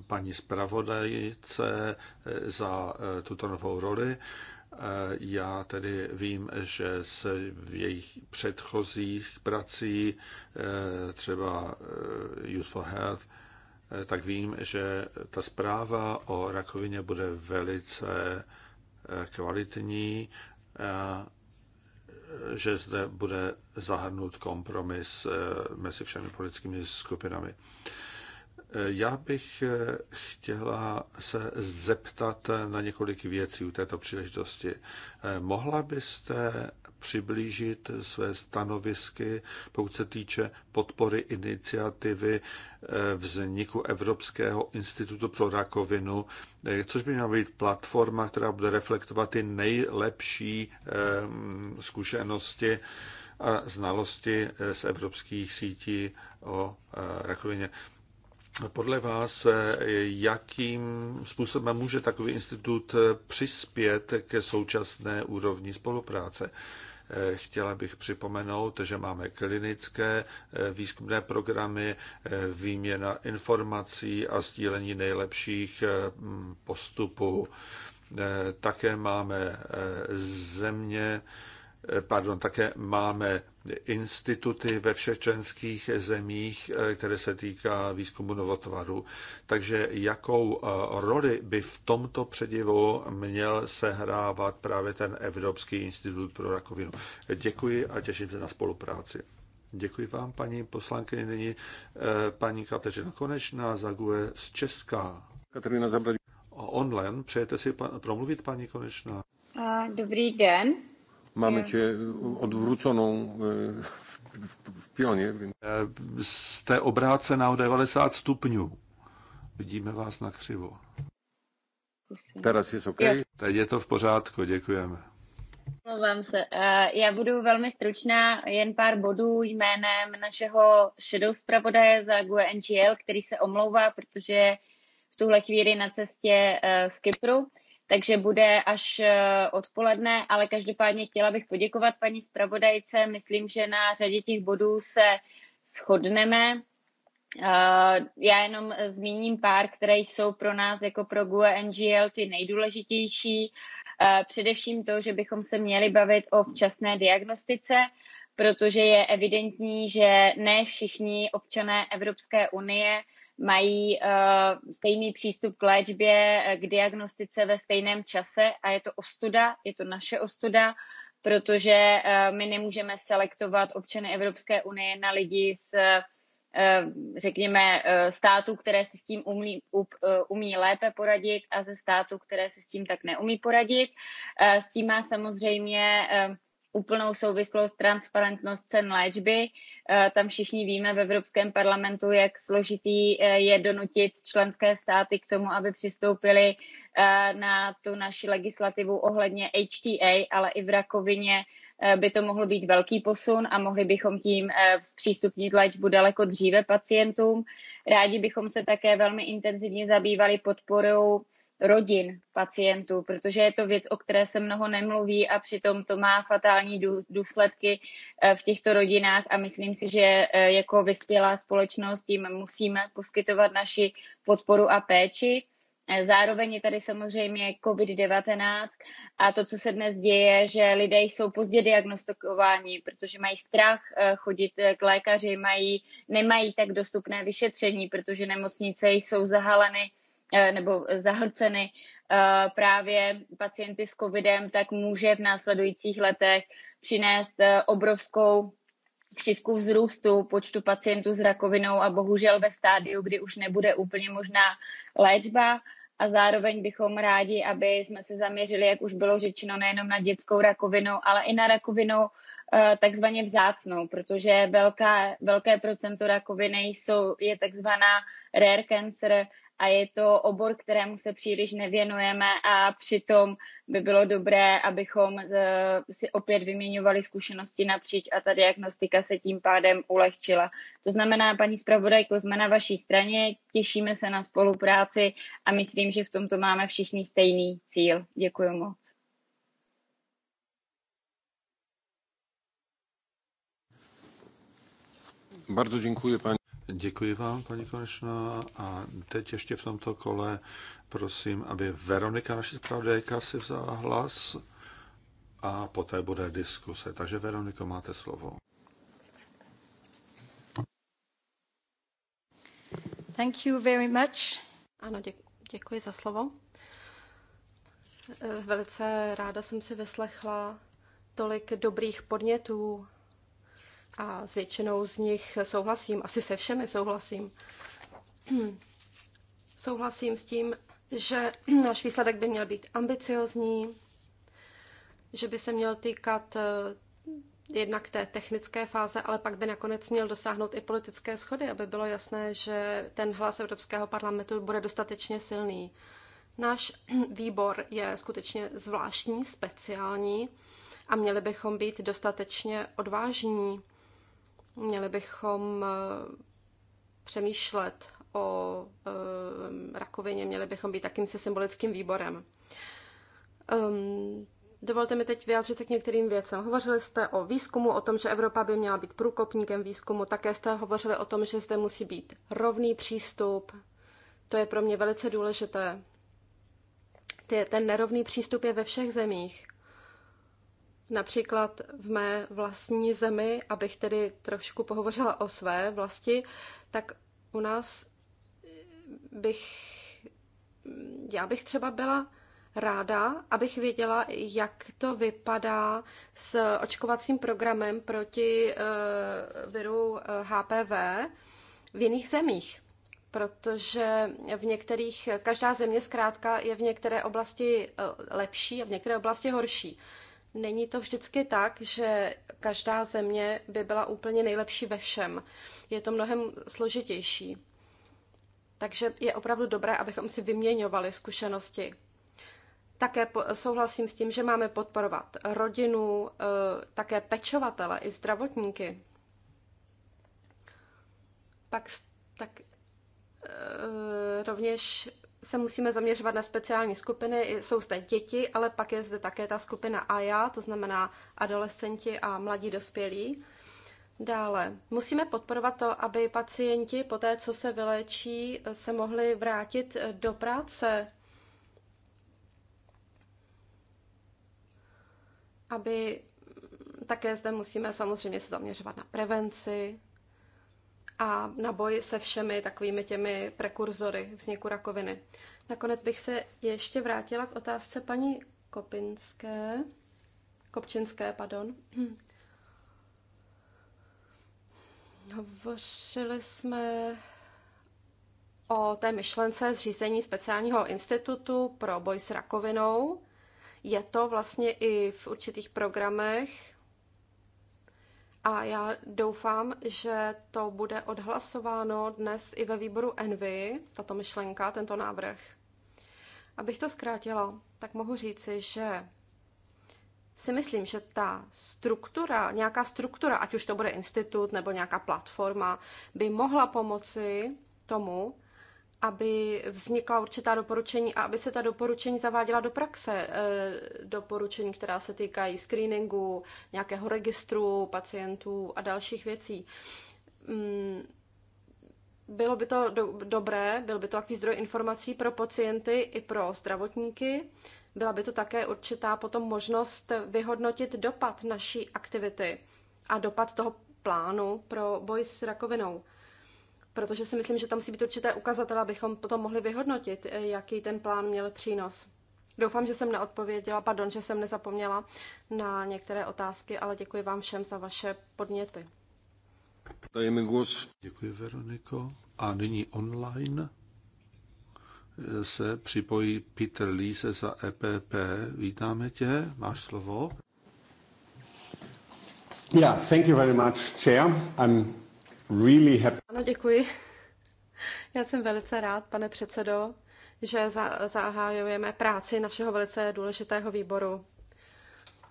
paní zpravodajce eh, za tuto novou roli já tedy vím, že z jejich předchozích prací, eh, třeba eh, Youth for Health, eh, tak vím, že ta zpráva o rakovině bude velice kvalitní, že zde bude zahrnut kompromis mezi všemi politickými skupinami. Já bych eh, chtěla se zeptat eh, na několik věcí u této příležitosti. Eh, mohla byste přiblížit své stanovisky, pokud se týče podpory iniciativy vzniku Evropského institutu pro rakovinu, což by měla být platforma, která bude reflektovat ty nejlepší zkušenosti a znalosti z evropských sítí o rakovině podle vás, jakým způsobem může takový institut přispět ke současné úrovni spolupráce? Chtěla bych připomenout, že máme klinické výzkumné programy, výměna informací a sdílení nejlepších mm, postupů. Také máme e, země, Eh, pardon, také máme instituty ve všech členských zemích, eh, které se týká výzkumu novotvaru. Takže jakou eh, roli by v tomto předivu měl sehrávat právě ten Evropský institut pro rakovinu? Děkuji a těším se na spolupráci. Děkuji vám, paní poslankyně. Nyní paní Kateřina Konečná zaguje z Česká. Kateřina Zabradí. Online. Přejete si promluvit, paní Konečná? Dobrý den. Mamy cię odwróconą e, w, w, pionie. Więc... E, jste obrácená na 90 stupňů. Vidíme vás na křivo. Teraz je OK? Teď je to v pořádku, děkujeme. Mluvám se. E, já budu velmi stručná, jen pár bodů jménem našeho šedou zpravodaje za GUE NGL, který se omlouvá, protože v tuhle chvíli na cestě z Kypru takže bude až eh, odpoledne, ale každopádně chtěla bych poděkovat paní zpravodajce. Myslím, že na řadě těch bodů se shodneme. Eh, já jenom eh, zmíním pár, které jsou pro nás jako pro GUE NGL ty nejdůležitější. Především to, že bychom se měli bavit o včasné diagnostice, protože je evidentní, že ne všichni občané Evropské unie mají uh, stejný přístup k léčbě, eh, k diagnostice ve stejném čase a je to ostuda, je to naše ostuda, protože uh, my nemůžeme selektovat občany Evropské unie na lidi z řekněme, států, které si s tím umí, umí lépe poradit a ze států, které si s tím tak neumí poradit. S tím má samozřejmě úplnou souvislost, transparentnost cen léčby. Eh, tam všichni víme v Evropském parlamentu, jak složitý eh, je donutit členské státy k tomu, aby přistoupili eh, na tu naši legislativu ohledně HTA, ale i v rakovině by to mohl být velký posun a mohli bychom tím zpřístupnit léčbu daleko dříve pacientům. Rádi bychom se také velmi intenzivně zabývali podporou rodin pacientů, protože je to věc, o které se mnoho nemluví a přitom to má fatální důsledky eh, v těchto rodinách a myslím si, že eh, jako vyspělá společnost tím musíme poskytovat naši podporu a péči. Eh, zároveň je tady samozřejmě COVID-19 a to, co se dnes děje, že lidé jsou pozdě diagnostikováni, protože mají strach chodit k lékaři, mají, nemají tak dostupné vyšetření, protože nemocnice jsou zahaleny Eh, nebo zahlceny eh, právě pacienty s covidem, tak může v následujících letech přinést eh, obrovskou křivku vzrůstu počtu pacientů s rakovinou a bohužel ve stádiu, kdy už nebude úplně možná léčba. A zároveň bychom rádi, aby jsme se zaměřili, jak už bylo řečeno, nejenom na dětskou rakovinu, ale i na rakovinu takzvaně vzácnou, protože velká, velké procento rakoviny jsou, je takzvaná rare cancer, a je to obor, kterému se příliš nevěnujeme a přitom by bylo dobré, abychom eh, si opět vyměňovali zkušenosti napříč a ta diagnostika se tím pádem ulehčila. To znamená, paní zpravodajko, jsme na vaší straně, těšíme se na spolupráci a myslím, že v tomto máme všichni stejný cíl. Děkuji moc. Bardzo dziękuję pani. Děkuji vám, paní Konečná. A teď ještě v tomto kole prosím, aby Veronika, naše zpravodajka, si vzala hlas a poté bude diskuse. Takže Veroniko, máte slovo. Thank you very much. Ano, dě- děkuji za slovo. Eh, velice ráda jsem si vyslechla tolik dobrých podnětů a s většinou z nich souhlasím, asi se všemi souhlasím. souhlasím s tím, že náš výsledek by měl být ambiciozní, že by se měl týkat eh, jednak té technické fáze, ale pak by nakonec měl dosáhnout i politické schody, aby bylo jasné, že ten hlas Evropského parlamentu bude dostatečně silný. Náš výbor je skutečně zvláštní, speciální a měli bychom být dostatečně odvážní Měli bychom eh, přemýšlet o eh, rakovině, měli bychom být takým se symbolickým výborem. Um, dovolte mi teď vyjádřit se k některým věcem. Hovořili jste o výzkumu, o tom, že Evropa by měla být průkopníkem výzkumu, také jste hovořili o tom, že zde musí být rovný přístup. To je pro mě velice důležité. Ten nerovný přístup je ve všech zemích. Například v mé vlastní zemi, abych tedy trošku pohovořila o své vlasti, tak u nás bych, já bych třeba byla ráda, abych věděla, jak to vypadá s očkovacím programem proti eh, viru HPV eh, v jiných zemích. Protože v některých, každá země zkrátka je v některé oblasti eh, lepší a v některé oblasti horší. Není to vždycky tak, že každá země by byla úplně nejlepší ve všem. Je to mnohem složitější. Takže je opravdu dobré, abychom si vyměňovali zkušenosti. Také souhlasím s tím, že máme podporovat rodinu, eh, také pečovatele i zdravotníky. Pak tak eh, rovněž se musíme zaměřovat na speciální skupiny. Jsou zde děti, ale pak je zde také ta skupina AJA, to znamená adolescenti a mladí dospělí. Dále musíme podporovat to, aby pacienti po té, co se vylečí, se mohli vrátit eh, do práce, aby také zde musíme samozřejmě se zaměřovat na prevenci, a na boj se všemi takovými těmi prekurzory vzniku rakoviny. Nakonec bych se ještě vrátila k otázce paní Kopinské, Kopčinské, pardon. Hovořili jsme o té myšlence zřízení speciálního institutu pro boj s rakovinou. Je to vlastně i v určitých programech a já doufám, že to bude odhlasováno dnes i ve výboru Envy, tato myšlenka, tento návrh. Abych to zkrátila, tak mohu říci, že si myslím, že ta struktura, nějaká struktura, ať už to bude institut nebo nějaká platforma, by mohla pomoci tomu, aby vznikla určitá doporučení a aby se ta doporučení zaváděla do praxe. E, doporučení, která se týkají screeningu, nějakého registru pacientů a dalších věcí. Mm, bylo by to do, dobré, byl by to takový zdroj informací pro pacienty i pro zdravotníky. Byla by to také určitá potom možnost vyhodnotit dopad naší aktivity a dopad toho plánu pro boj s rakovinou protože si myslím, že tam musí být určité ukazatele, abychom potom mohli vyhodnotit, eh, jaký ten plán měl přínos. Doufám, že jsem neodpověděla, pardon, že jsem nezapomněla na některé otázky, ale děkuji vám všem za vaše podněty. Dajeme głos. Děkuji, Veroniko. A nyní online eh, se připojí Peter Líse za EPP. Vítáme tě, máš slovo. Yeah, thank you very much, Chair. I'm really happy. Ano, děkuji. Já jsem velice rád, pane předsedo, že za, zahájujeme práci našeho velice důležitého výboru.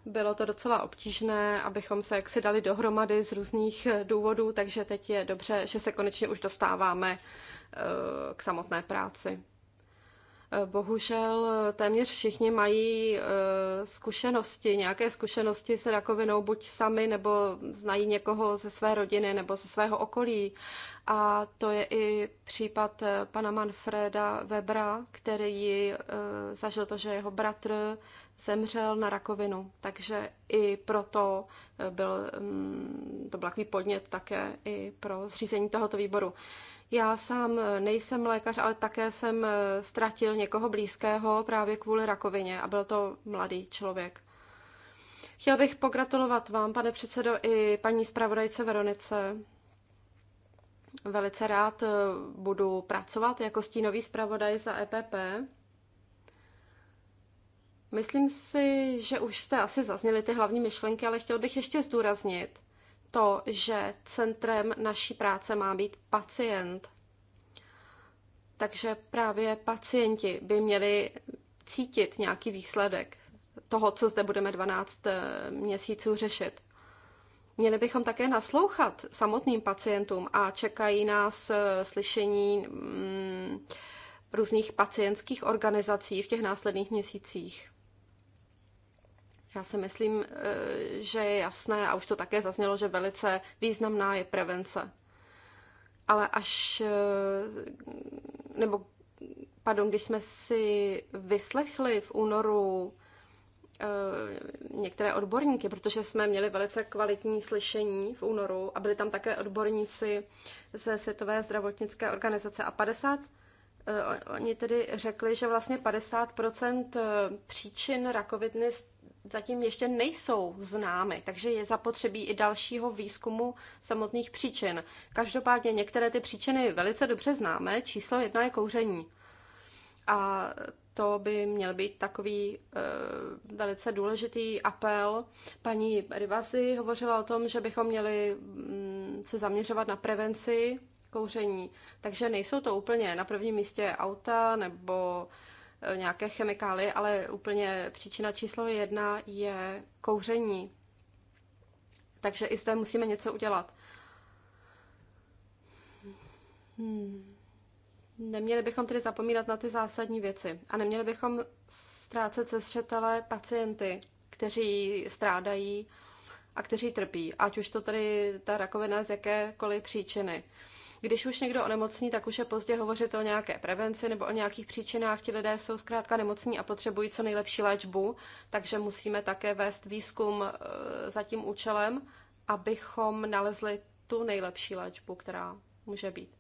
Bylo to docela obtížné, abychom se jaksi dali dohromady z různých eh, důvodů, takže teď je dobře, že se konečně už dostáváme eh, k samotné práci. Bohužel eh, téměř všichni mají eh, zkušenosti, nějaké zkušenosti s rakovinou, buď sami, nebo znají někoho ze své rodiny nebo ze svého okolí. A to je i případ eh, pana Manfreda Webra, který zažil to, že jeho bratr zemřel na rakovinu, takže i proto eh, byl, mm, to byl takový podnět také i pro zřízení tohoto výboru. Já sám eh, nejsem lékař, ale také jsem eh, ztratil někoho blízkého právě kvůli rakovině a byl to mladý člověk. Chtěl bych pogratulovat vám, pane předsedo, i paní zpravodajce Veronice. Velice rád budu pracovat jako stínový zpravodaj za EPP. Myslím si, že už jste asi zazněli ty hlavní myšlenky, ale chtěl bych ještě zdůraznit to, že centrem naší práce má být pacient. Takže právě pacienti by měli cítit nějaký výsledek toho, co zde budeme 12 eh, měsíců řešit. Měli bychom také naslouchat samotným pacientům a čekají nás eh, slyšení mm, různých pacientských organizací v těch následných měsících. Já si myslím, eh, že je jasné, a už to také zaznělo, že velice významná je prevence. Ale až, eh, nebo pardon, když jsme si vyslechli v únoru eh, některé odborníky, protože jsme měli velice kvalitní slyšení v únoru a byli tam také odborníci ze Světové zdravotnické organizace a 50 Oni tedy řekli, že vlastně 50 příčin rakoviny zatím ještě nejsou známy, takže je zapotřebí i dalšího výzkumu samotných příčin. Každopádně některé ty příčiny velice dobře známe, číslo jedna je kouření. A to by měl být takový e, velice důležitý apel. Paní Rivasi hovořila o tom, že bychom měli mm, se zaměřovat na prevenci kouření. Takže nejsou to úplně na prvním místě auta nebo Eh, nějaké chemikálie, ale úplně příčina číslo jedna je kouření. Takže i zde musíme něco udělat. Hmm. Neměli bychom tedy zapomínat na ty zásadní věci a neměli bychom ztrácet ze zřetele pacienty, kteří strádají a kteří trpí, ať už to tedy ta rakovina z jakékoliv příčiny. Když už někdo onemocní, tak už je pozdě hovořit o nějaké prevenci nebo o nějakých příčinách. Ti lidé jsou zkrátka nemocní a potřebují co nejlepší léčbu, takže musíme také vést výzkum eh, za tím účelem, abychom nalezli tu nejlepší léčbu, která může být.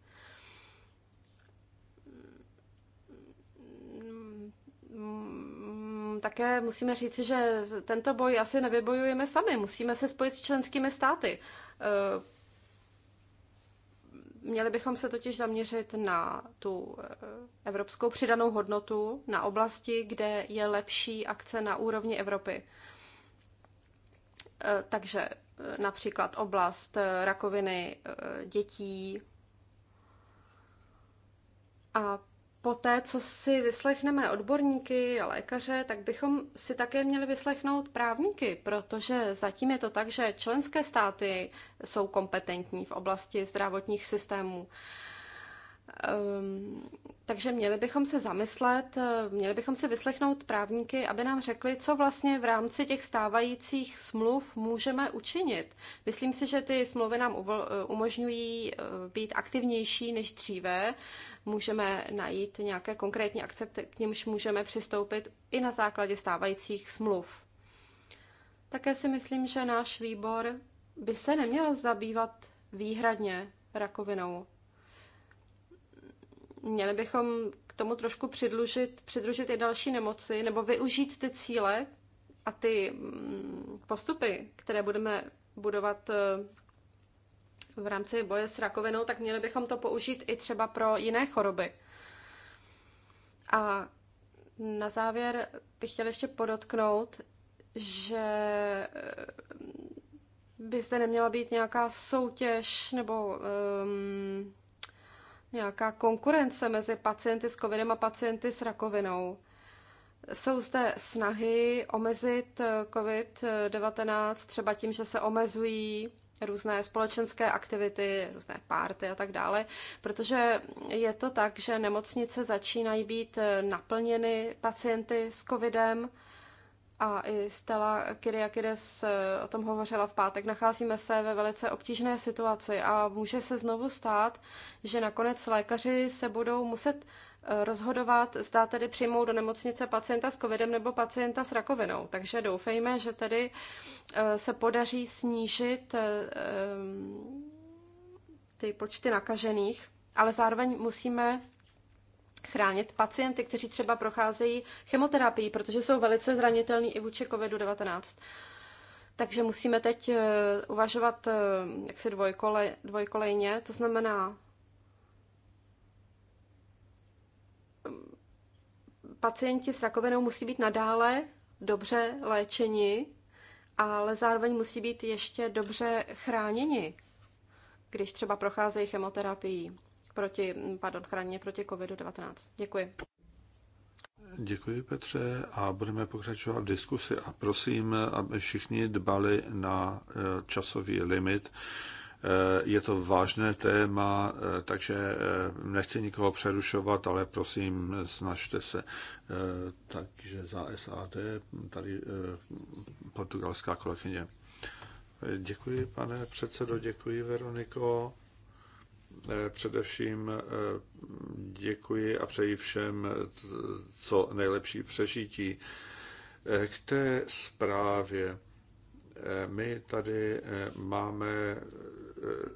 Mm, také musíme říci, že tento boj asi nevybojujeme sami. Musíme se spojit s členskými státy. Eh, Měli bychom se totiž zaměřit na tu eh, evropskou přidanou hodnotu, na oblasti, kde je lepší akce na úrovni Evropy. Eh, takže eh, například oblast rakoviny dětí a Poté, co si vyslechneme odborníky a lékaře, tak bychom si také měli vyslechnout právníky, protože zatím je to tak, že členské státy jsou kompetentní v oblasti zdravotních systémů. Ehm, takže měli bychom se zamyslet, eh, měli bychom si vyslechnout právníky, aby nám řekli, co vlastně v rámci těch stávajících smluv můžeme učinit. Myslím si, že ty smlouvy nám eh, umožňují eh, být aktivnější než dříve. Můžeme najít nějaké konkrétní akce, k nímž můžeme přistoupit i na základě stávajících smluv. Také si myslím, že náš výbor by se neměl zabývat výhradně rakovinou Měli bychom k tomu trošku přidlužit, přidružit i další nemoci, nebo využít ty cíle a ty mm, postupy, které budeme budovat eh, v rámci boje s rakovinou, tak měli bychom to použít i třeba pro jiné choroby. A na závěr bych chtěl ještě podotknout, že eh, by zde neměla být nějaká soutěž nebo um, nějaká konkurence mezi pacienty s covidem a pacienty s rakovinou. Jsou zde snahy omezit eh, COVID-19 třeba tím, že se omezují různé společenské aktivity, různé párty a tak dále, protože je to tak, že nemocnice začínají být eh, naplněny pacienty s covidem, a i Stella Kyriakides eh, o tom hovořila v pátek. Nacházíme se ve velice obtížné situaci a může se znovu stát, že nakonec lékaři se budou muset eh, rozhodovat, zda tedy přijmou do nemocnice pacienta s covidem nebo pacienta s rakovinou. Takže doufejme, že tedy eh, se podaří snížit ty počty nakažených, ale zároveň musíme chránit pacienty, kteří třeba procházejí chemoterapii, protože jsou velice zranitelní i vůči COVID-19. Takže musíme teď eh, uvažovat eh, jaksi dvojkole, dvojkolejně, to znamená pacienti s rakovinou musí být nadále dobře léčeni, ale zároveň musí být ještě dobře chráněni, když třeba procházejí chemoterapií proti, pardon, chráně proti COVID-19. Děkuji. Děkuji, Petře, a budeme pokračovat v diskusi. A prosím, aby všichni dbali na eh, časový limit. Eh, je to vážné téma, eh, takže nechci nikoho přerušovat, ale prosím, snažte se. Takže za SAD tady portugalská kolegyně. Děkuji, pane předsedo, děkuji, Veroniko. Eh, především eh, děkuji a přeji všem eh, co nejlepší přežití. K té zprávě. My tady máme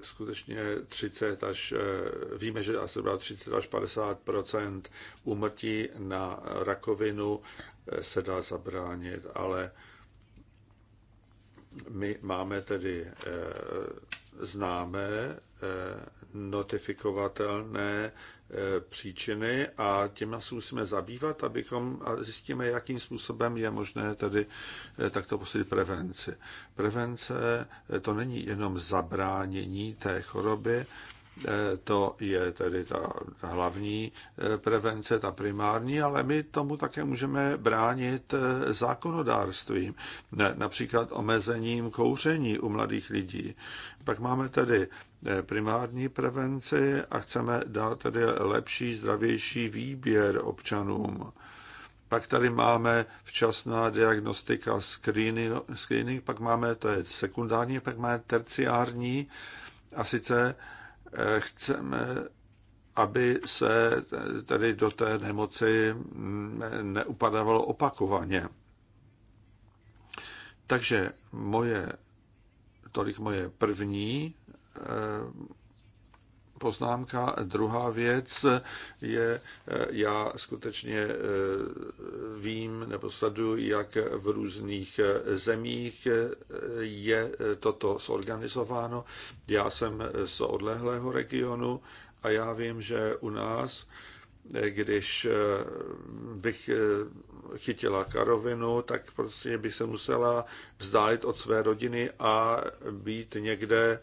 skutečně 30 až, víme, že asi 30 až 50 úmrtí na rakovinu se dá zabránit, ale my máme tedy známé Eh, notifikovatelné eh, příčiny a těm se musíme zabývat, abychom a zjistíme, jakým způsobem je možné tady eh, takto posílit prevenci. Prevence to není jenom zabránění té choroby, to je tedy ta hlavní prevence, ta primární, ale my tomu také můžeme bránit zákonodárstvím, například omezením kouření u mladých lidí. Pak máme tedy eh, primární prevenci a chceme dát tedy lepší, zdravější výběr občanům. Pak tady máme včasná diagnostika, screening, screening pak máme, to je sekundární, pak máme terciární a sice eh, chceme, aby se eh, tedy do té nemoci mm, neupadávalo opakovaně. Takže moje tolik moje první eh, poznámka. Druhá věc je, eh, já skutečně eh, vím nebo sleduji, jak v různých zemích je toto zorganizováno. Já jsem z odlehlého regionu a já vím, že u nás když eh, bych eh, chytila karovinu, tak prostě bych se musela vzdálit od své rodiny a být někde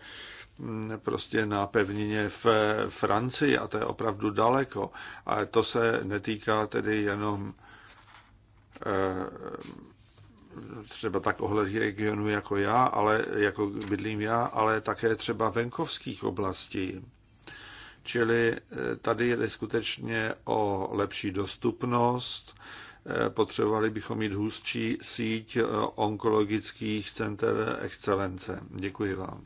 mm, prostě na pevnině v Francii a to je opravdu daleko. A to se netýká tedy jenom eh, třeba tak ohledně regionu jako já, ale jako bydlím já, ale také třeba venkovských oblastí Čili eh, tady jde skutečně o lepší dostupnost. Eh, potřebovali bychom mít hustší síť eh, onkologických center excelence. Děkuji vám.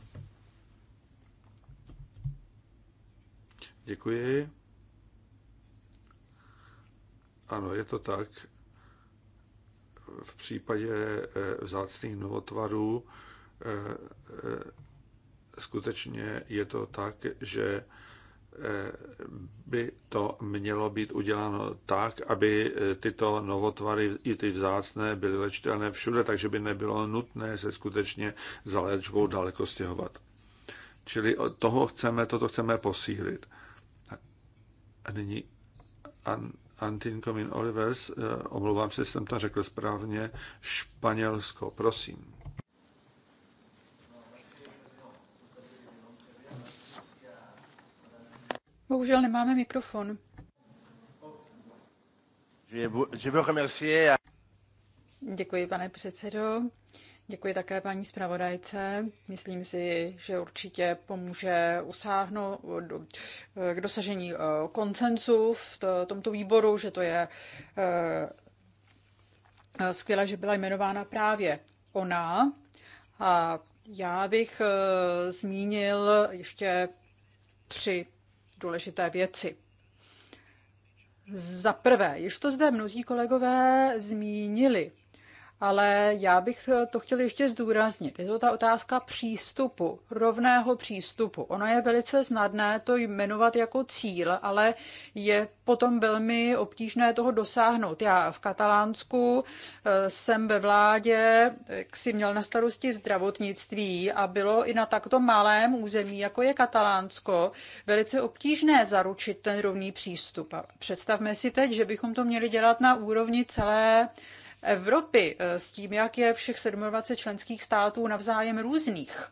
Děkuji. Ano, je to tak. V případě vzácných novotvarů skutečně je to tak, že by to mělo být uděláno tak, aby tyto novotvary i ty vzácné byly léčitelné všude, takže by nebylo nutné se skutečně za léčbou daleko stěhovat. Čili toho chceme, toto chceme posílit. A nyní Antinkomin Olivers, eh, omlouvám se, jsem to řekl správně, Španělsko, prosím. Bohužel nemáme mikrofon. Euh, Děkuji, pane předsedo. Děkuji také paní zpravodajce. Myslím si, že určitě pomůže usáhnout eh, k dosažení eh, koncensu v tomto výboru, že to je eh, skvělé, že byla jmenována právě ona. A já bych zmínil ještě tři důležité věci. Za prvé, již to zde mnozí kolegové zmínili, ale já bych eh, to chtěl ještě zdůraznit. Je to ta otázka přístupu, rovného přístupu. Ono je velice snadné to jmenovat jako cíl, ale je potom velmi obtížné toho dosáhnout. Já v Katalánsku eh, jsem ve vládě, eh, si měl na starosti zdravotnictví a bylo i na takto malém území, jako je Katalánsko, velice obtížné zaručit ten rovný přístup. A představme si teď, že bychom to měli dělat na úrovni celé Evropy eh, s tím, jak je všech 27 členských států navzájem různých.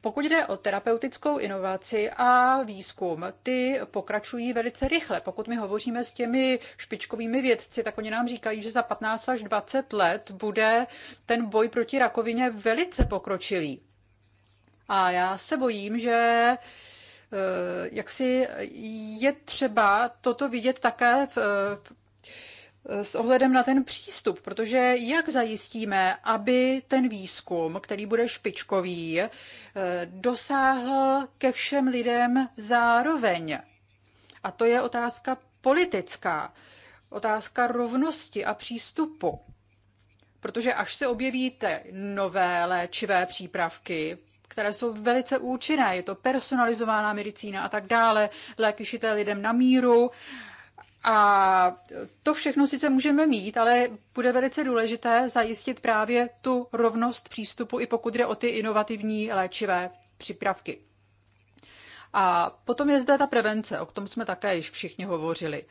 Pokud jde o terapeutickou inovaci a výzkum, ty pokračují velice rychle. Pokud my hovoříme s těmi špičkovými vědci, tak oni nám říkají, že za 15 až 20 let bude ten boj proti rakovině velice pokročilý. A já se bojím, že eh, jak si je třeba toto vidět také v, Eh, s ohledem na ten přístup, protože jak zajistíme, aby ten výzkum, který bude špičkový, eh, dosáhl ke všem lidem zároveň. A to je otázka politická, otázka rovnosti a přístupu. Protože až se objevíte nové léčivé přípravky, které jsou velice účinné, je to personalizovaná medicína a tak dále, léky šité lidem na míru, a to všechno sice můžeme mít, ale bude velice důležité zajistit právě tu rovnost přístupu, i pokud jde o ty inovativní léčivé přípravky. A potom je zde ta prevence, o tom jsme také již všichni hovořili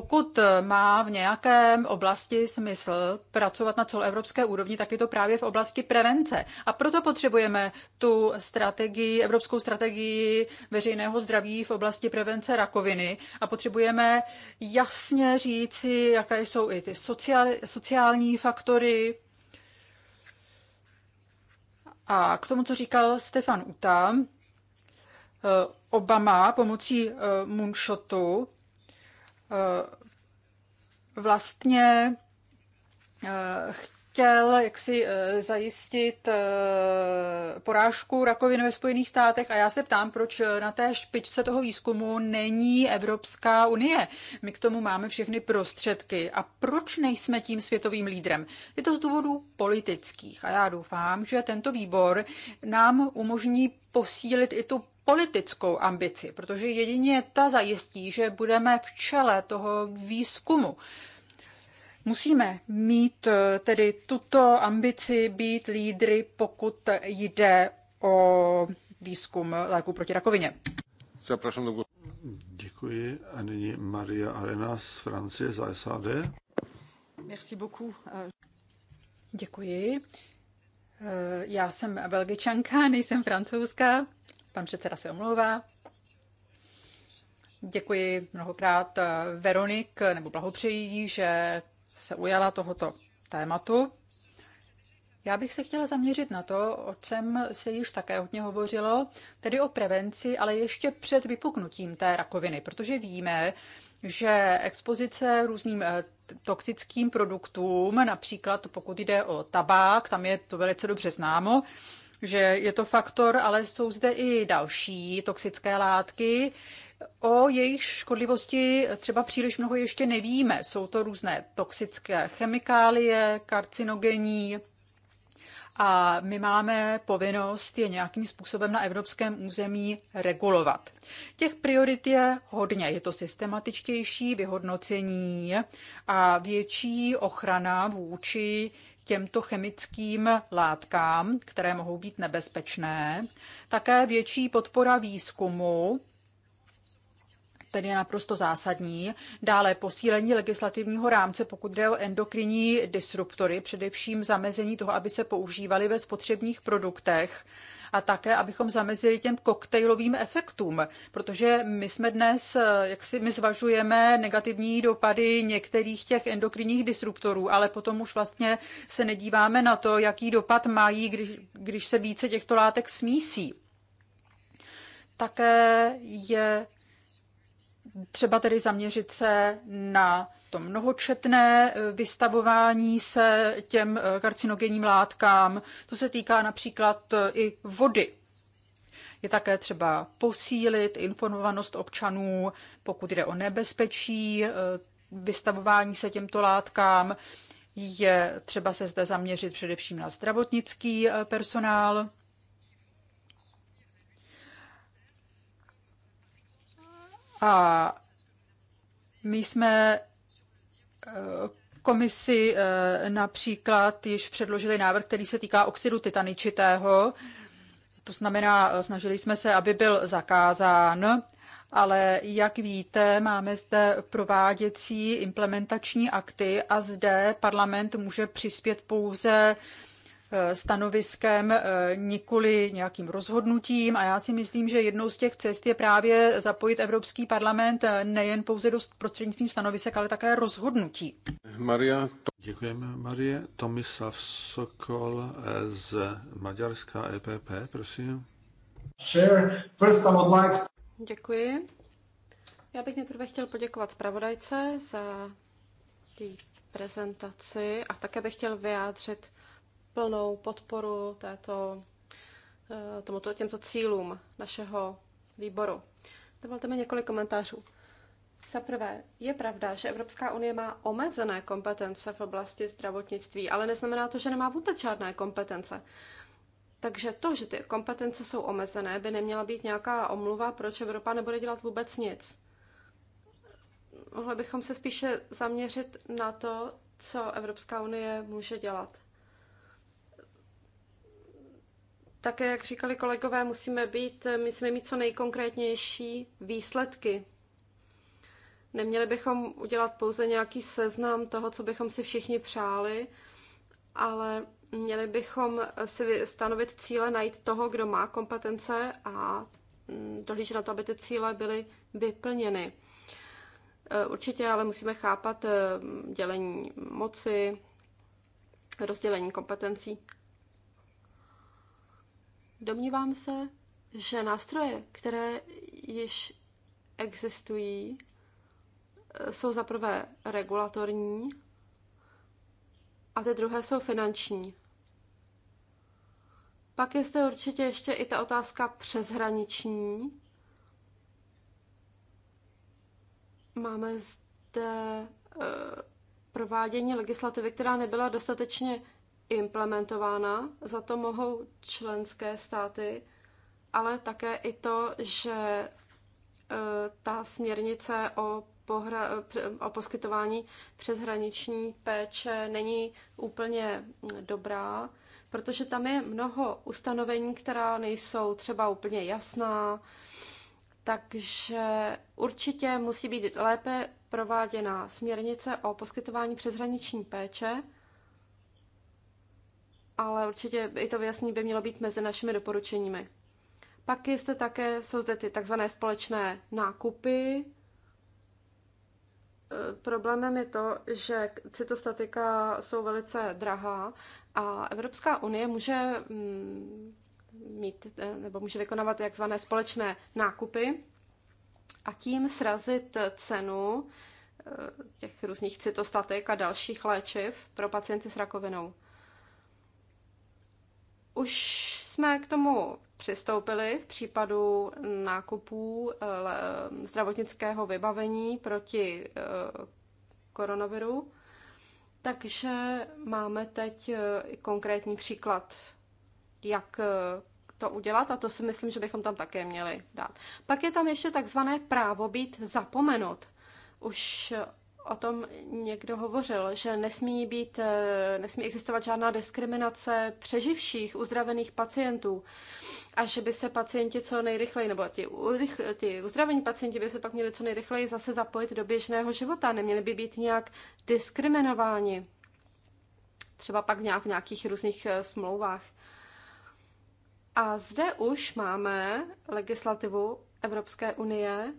pokud eh, má v nějaké oblasti smysl pracovat na celoevropské úrovni, tak je to právě v oblasti prevence. A proto potřebujeme tu strategii, evropskou strategii veřejného zdraví v oblasti prevence rakoviny a potřebujeme jasně říci, jaké jsou i ty sociál, sociální faktory. A k tomu, co říkal Stefan Uta, eh, Obama pomocí eh, moonshotu Eh, vlastně eh, chtěl jaksi eh, zajistit porážku rakoviny ve Spojených státech a já se ptám, proč na té špičce toho výzkumu není Evropská unie. My k tomu máme všechny prostředky a proč nejsme tím světovým lídrem? Je to z důvodu politických a já doufám, že tento výbor nám umožní posílit i tu politickou ambici, protože jedině ta zajistí, že budeme v čele toho výzkumu. Musíme mít eh, tedy tuto ambici být lídry, pokud jde o výzkum léku proti rakovině. Děkuji. A nyní Maria Arena z Francie za SAD. Merci beaucoup. Děkuji. Eh, já jsem belgičanka, nejsem francouzská. Pan předseda se omlouvá. Děkuji mnohokrát eh, Veronik, nebo blahopřeji, že se ujala tohoto tématu. Já bych se chtěla zaměřit na to, o čem se již také hodně hovořilo, tedy o prevenci, ale ještě před vypuknutím té rakoviny, protože víme, že expozice různým eh, toxickým produktům, například pokud jde o tabák, tam je to velice dobře známo, že je to faktor, ale jsou zde i další toxické látky, O jejich škodlivosti třeba příliš mnoho ještě nevíme. Jsou to různé toxické chemikálie, karcinogení. a my máme povinnost je nějakým způsobem na evropském území regulovat. Těch priorit je hodně. Je to systematičtější vyhodnocení a větší ochrana vůči těmto chemickým látkám, které mohou být nebezpečné. Také větší podpora výzkumu, ten je naprosto zásadní. Dále posílení legislativního rámce, pokud jde o endokrinní disruptory, především zamezení toho, aby se používaly ve spotřebních produktech a také, abychom zamezili těm koktejlovým efektům, protože my jsme dnes, eh, jak si my zvažujeme negativní dopady některých těch endokrinních disruptorů, ale potom už vlastně se nedíváme na to, jaký dopad mají, když, když se více těchto látek smísí. Také je třeba tedy zaměřit se na to mnohočetné eh, vystavování se těm eh, karcinogenním látkám. To se týká například eh, i vody. Je také třeba posílit informovanost občanů, pokud jde o nebezpečí vystavování se těmto látkám. Je třeba se zde zaměřit především na zdravotnický personál. A my jsme eh, komisi eh, například již předložili návrh, který se týká oxidu titaničitého. To znamená, eh, snažili jsme se, aby byl zakázán, ale jak víte, máme zde prováděcí implementační akty a zde parlament může přispět pouze Eh, stanoviskem, eh, nikoli nějakým rozhodnutím. A já si myslím, že jednou z těch cest je právě zapojit Evropský parlament eh, nejen pouze do prostřednictvím stanovisek, ale také rozhodnutí. Maria, to... děkujeme, Marie. Tomislav Sokol z Maďarska EPP, prosím. First Děkuji. Já bych nejprve chtěl poděkovat zpravodajce za její prezentaci a také bych chtěl vyjádřit plnou podporu této, eh, tomuto, těmto cílům našeho výboru. Dovolte mi několik komentářů. Za prvé, je pravda, že Evropská unie má omezené kompetence v oblasti zdravotnictví, ale neznamená to, že nemá vůbec žádné kompetence. Takže to, že ty kompetence jsou omezené, by neměla být nějaká omluva, proč Evropa nebude dělat vůbec nic. Mohli bychom se spíše zaměřit na to, co Evropská unie může dělat. také, jak říkali kolegové, musíme být, musíme mít co nejkonkrétnější výsledky. Neměli bychom udělat pouze nějaký seznam toho, co bychom si všichni přáli, ale měli bychom si stanovit cíle, najít toho, kdo má kompetence a mm, dohlížet na to, aby ty cíle byly vyplněny. E, určitě ale musíme chápat e, dělení moci, rozdělení kompetencí Domnívám se, že nástroje, které již existují, jsou za prvé regulatorní a ty druhé jsou finanční. Pak je zde určitě ještě i ta otázka přeshraniční. Máme zde eh, provádění legislativy, která nebyla dostatečně implementována. Za to mohou členské státy, ale také i to, že e, ta směrnice o, pohra, o poskytování přeshraniční péče není úplně dobrá, protože tam je mnoho ustanovení, která nejsou třeba úplně jasná, takže určitě musí být lépe prováděna směrnice o poskytování přeshraniční péče, ale určitě i to vyjasnění by mělo být mezi našimi doporučeními. Pak jste také, jsou zde ty takzvané společné nákupy. E, problémem je to, že cytostatika jsou velice drahá a Evropská unie může mm, mít e, nebo může vykonávat takzvané společné nákupy a tím srazit cenu e, těch různých cytostatik a dalších léčiv pro pacienty s rakovinou. Už jsme k tomu přistoupili v případu nákupů eh, zdravotnického vybavení proti eh, koronaviru, takže máme teď eh, konkrétní příklad, jak to udělat a to si myslím, že bychom tam také měli dát. Pak je tam ještě takzvané právo být zapomenut. Už o tom někdo hovořil, že nesmí, být, eh, nesmí existovat žádná diskriminace přeživších, uzdravených pacientů a že by se pacienti co nejrychleji, nebo ti, ti uzdravení pacienti by se pak měli co nejrychleji zase zapojit do běžného života, neměli by být nějak diskriminováni, třeba pak nějak v nějakých různých eh, smlouvách. A zde už máme legislativu Evropské unie,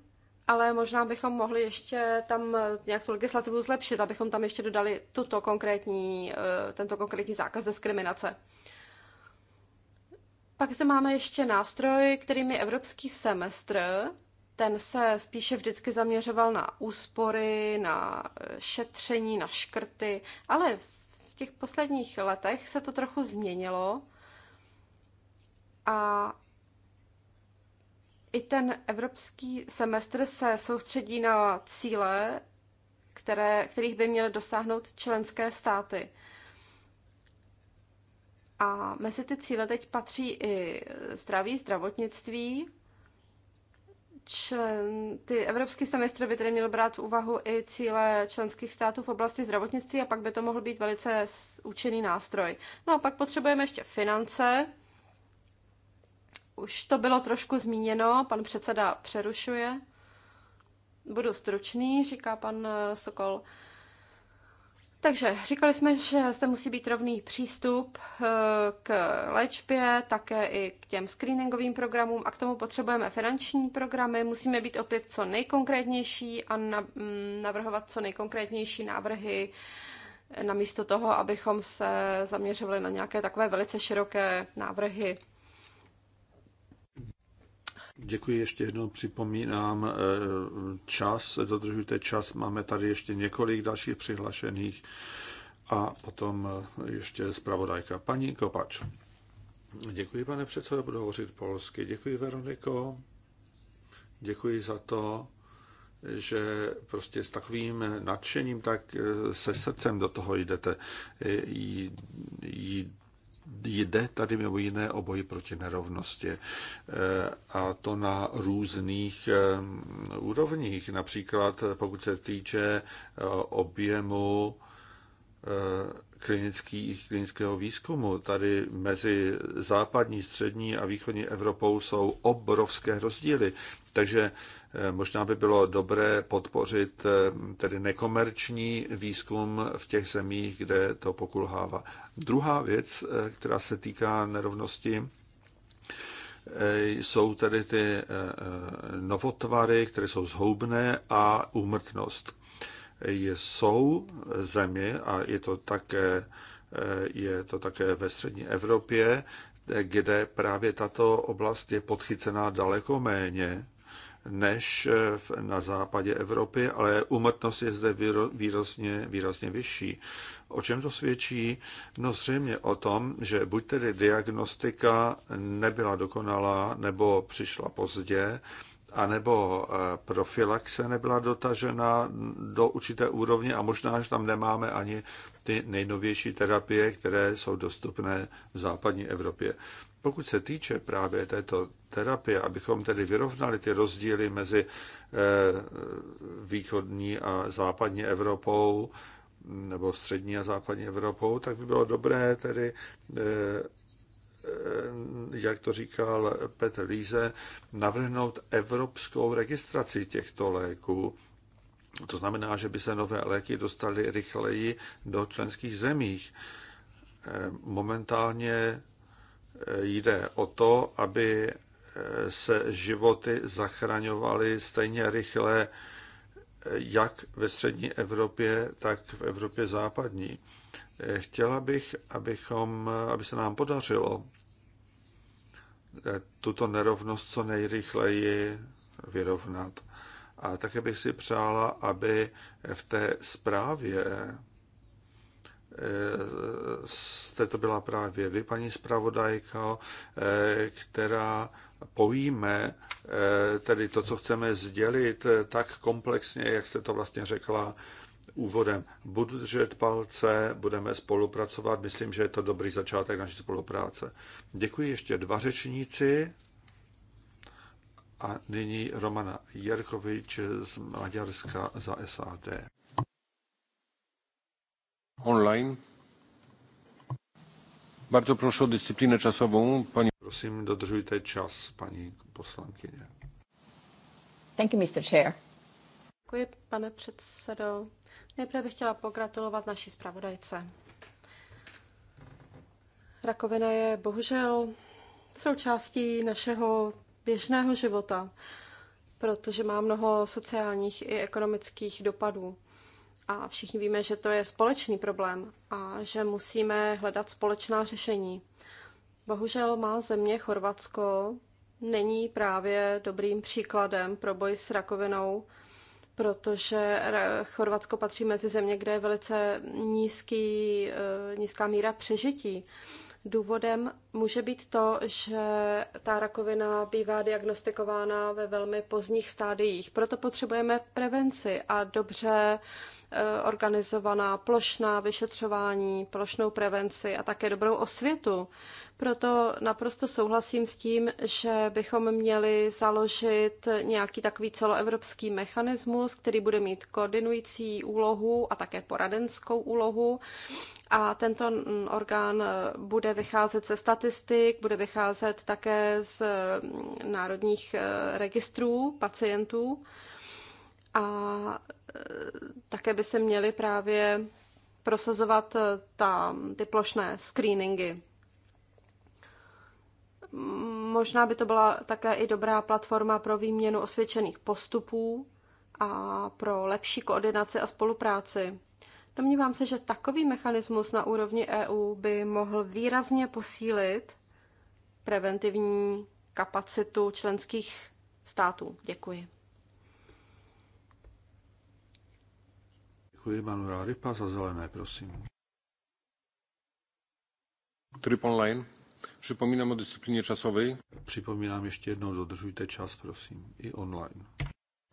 ale možná bychom mohli ještě tam nějak tu legislativu zlepšit, abychom tam ještě dodali tuto konkrétní, eh, tento konkrétní zákaz diskriminace. Pak zde máme ještě nástroj, kterým je evropský semestr. Ten se spíše vždycky zaměřoval na úspory, na eh, šetření, na škrty, ale v těch posledních letech se to trochu změnilo a i ten evropský semestr se soustředí na cíle, které, kterých by měly dosáhnout členské státy. A mezi ty cíle teď patří i zdraví, zdravotnictví. Člen, ty evropský semestr by tedy měl brát v úvahu i cíle členských států v oblasti zdravotnictví a pak by to mohl být velice účinný nástroj. No a pak potřebujeme ještě finance. Už to bylo trošku zmíněno, pan předseda přerušuje. Budu stručný, říká pan eh, Sokol. Takže říkali jsme, že se musí být rovný přístup eh, k léčbě, také i k těm screeningovým programům a k tomu potřebujeme finanční programy. Musíme být opět co nejkonkrétnější a mm, navrhovat co nejkonkrétnější návrhy, eh, namísto toho, abychom se zaměřovali na nějaké takové velice široké návrhy. Děkuji ještě jednou, připomínám eh, čas, dodržujte čas, máme tady ještě několik dalších přihlašených a potom eh, ještě zpravodajka paní Kopač. Děkuji, pane předsedo, budu hovořit polsky. Děkuji, Veroniko. Děkuji za to, že prostě s takovým nadšením, tak eh, se srdcem do toho jdete jde tady mimo jiné o boji proti nerovnosti. Eh, a to na různých eh, úrovních. Například eh, pokud se týče objemu klinický, klinického výzkumu. Tady mezi západní, střední a východní Evropou jsou obrovské rozdíly. Takže eh, možná by bylo dobré podpořit eh, tedy nekomerční výzkum v těch zemích, kde to pokulhává. Druhá věc, eh, která se týká nerovnosti, jsou tedy ty novotvary, které jsou zhoubné a úmrtnost. Jsou země, a je to také, je to také ve střední Evropě, kde právě tato oblast je podchycená daleko méně než eh, na západě Evropy, ale umrtnost je zde výrazně, výrazně vyšší. O čem to svědčí? No zřejmě o tom, že buď tedy diagnostika nebyla dokonalá, nebo přišla pozdě, anebo eh, profilaxe nebyla dotažena do určité úrovně a možná, že tam nemáme ani ty nejnovější terapie, které jsou dostupné v západní Evropě. Pokud se týče právě této terapie, abychom tedy vyrovnali ty rozdíly mezi eh, východní a západní Evropou, nebo střední a západní Evropou, tak by bylo dobré tedy, eh, eh, jak to říkal Petr Líze, navrhnout evropskou registraci těchto léků. To znamená, že by se nové léky dostaly rychleji do členských zemích. Momentálně jde o to, aby eh, se životy zachraňovaly stejně rychle eh, jak ve střední Evropě, tak v Evropě západní. Eh, chtěla bych, abychom, aby se nám podařilo tuto nerovnost co nejrychleji vyrovnat. A také bych si přála, aby v té zprávě jste to byla právě vy, paní zpravodajka, eh, která pojíme eh, tedy to, co chceme sdělit eh, tak komplexně, jak jste to vlastně řekla úvodem. Budu držet palce, budeme spolupracovat, myslím, že je to dobrý začátek naší spolupráce. Děkuji ještě dva řečníci a nyní Romana Jerkovič z Maďarska za SAD. Online. Bardzo proszę o dyscyplinę czasową. Pani... Prosím, dodržujte čas, paní poslankyně. Thank you, Mr. Chair. Děkuji, pane předsedo. Nejprve bych chtěla pogratulovat naší zpravodajce. Rakovina je bohužel součástí našeho běžného života, protože má mnoho sociálních i ekonomických dopadů. A všichni víme, že to je společný problém a že musíme hledat společná řešení. Bohužel má země Chorvatsko není právě dobrým příkladem pro boj s rakovinou, protože Chorvatsko patří mezi země, kde je velice nízký, eh, nízká míra přežití. Důvodem může být to, že ta rakovina bývá diagnostikována ve velmi pozdních stádiích. Proto potřebujeme prevenci a dobře Eh, organizovaná plošná vyšetřování, plošnou prevenci a také dobrou osvětu. Proto naprosto souhlasím s tím, že bychom měli založit nějaký takový celoevropský mechanismus, který bude mít koordinující úlohu a také poradenskou úlohu. A tento orgán eh, bude vycházet ze statistik, bude vycházet také z mm, národních eh, registrů pacientů. A eh, také by se měly právě prosazovat eh, ta, ty plošné screeningy. Možná by to byla také i dobrá platforma pro výměnu osvědčených postupů a pro lepší koordinaci a spolupráci. Domnívám se, že takový mechanismus na úrovni EU by mohl výrazně posílit preventivní kapacitu členských států. Děkuji. Děkuji pan Rypa za zelené, prosím. Trip online. Připomínám o disciplíně časové. Připomínám ještě jednou, dodržujte čas, prosím, i online.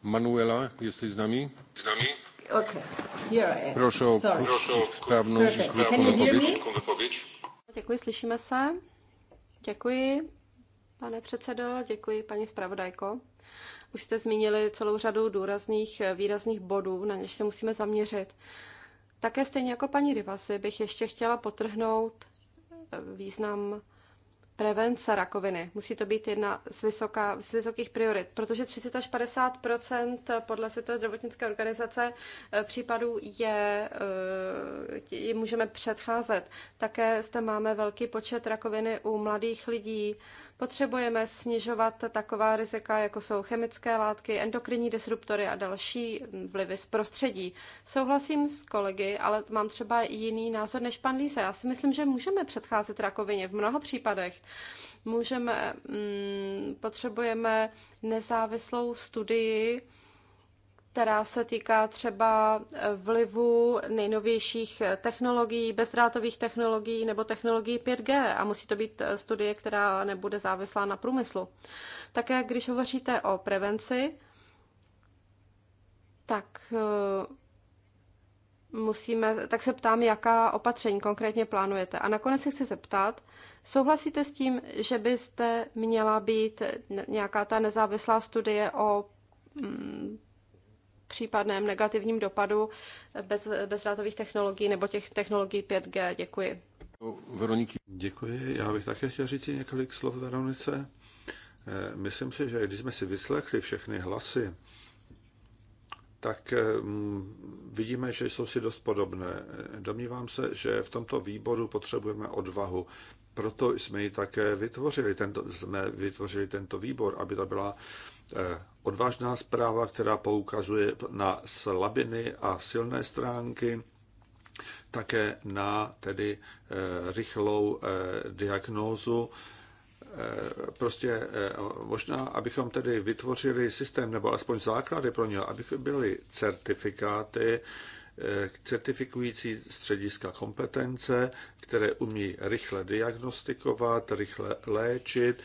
Manuela, jestli z nami? Z nami? Here I am. Proszę o správnou krótką wypowiedź. Děkuji, slyšíme se. Děkuji, pane předsedo, děkuji, paní zpravodajko. Už jste zmínili celou řadu důrazných, eh, výrazných bodů, na něž se musíme zaměřit. Také stejně jako paní Rivasy bych ještě chtěla potrhnout eh, význam prevence rakoviny. Musí to být jedna z, vysoká, z vysokých priorit, protože 30 až 50 eh, podle Světové zdravotnické organizace eh, případů je, eh, je můžeme předcházet. Také zde máme velký počet rakoviny u mladých lidí. Potřebujeme snižovat taková rizika, jako jsou chemické látky, endokrinní disruptory a další vlivy z prostředí. Souhlasím s kolegy, ale mám třeba jiný názor než pan Líze. Já si myslím, že můžeme předcházet rakovině v mnoha případech Můžeme, mm, potřebujeme nezávislou studii, která se týká třeba vlivu nejnovějších technologií, bezdrátových technologií nebo technologií 5G a musí to být eh, studie, která nebude závislá na průmyslu. Také když hovoříte o prevenci, tak eh, musíme, tak se ptám, jaká opatření konkrétně plánujete. A nakonec se chci zeptat, souhlasíte s tím, že byste měla být nějaká ta nezávislá studie o mm, případném negativním dopadu bez, bezdrátových technologií nebo těch technologií 5G? Děkuji. Veroniky. Děkuji. Já bych také chtěl říct několik slov Veronice. Eh, myslím si, že když jsme si vyslechli všechny hlasy, tak eh, mm, vidíme, že jsou si dost podobné. Domnívám se, že v tomto výboru potřebujeme odvahu. Proto jsme ji také vytvořili, tento, jsme vytvořili tento výbor, aby to byla eh, odvážná zpráva, která poukazuje na slabiny a silné stránky, také na tedy eh, rychlou diagnózu Eh, prostě eh, možná, abychom tedy vytvořili systém nebo alespoň základy pro něj, aby byly certifikáty, eh, certifikující střediska kompetence, které umí rychle diagnostikovat, rychle léčit,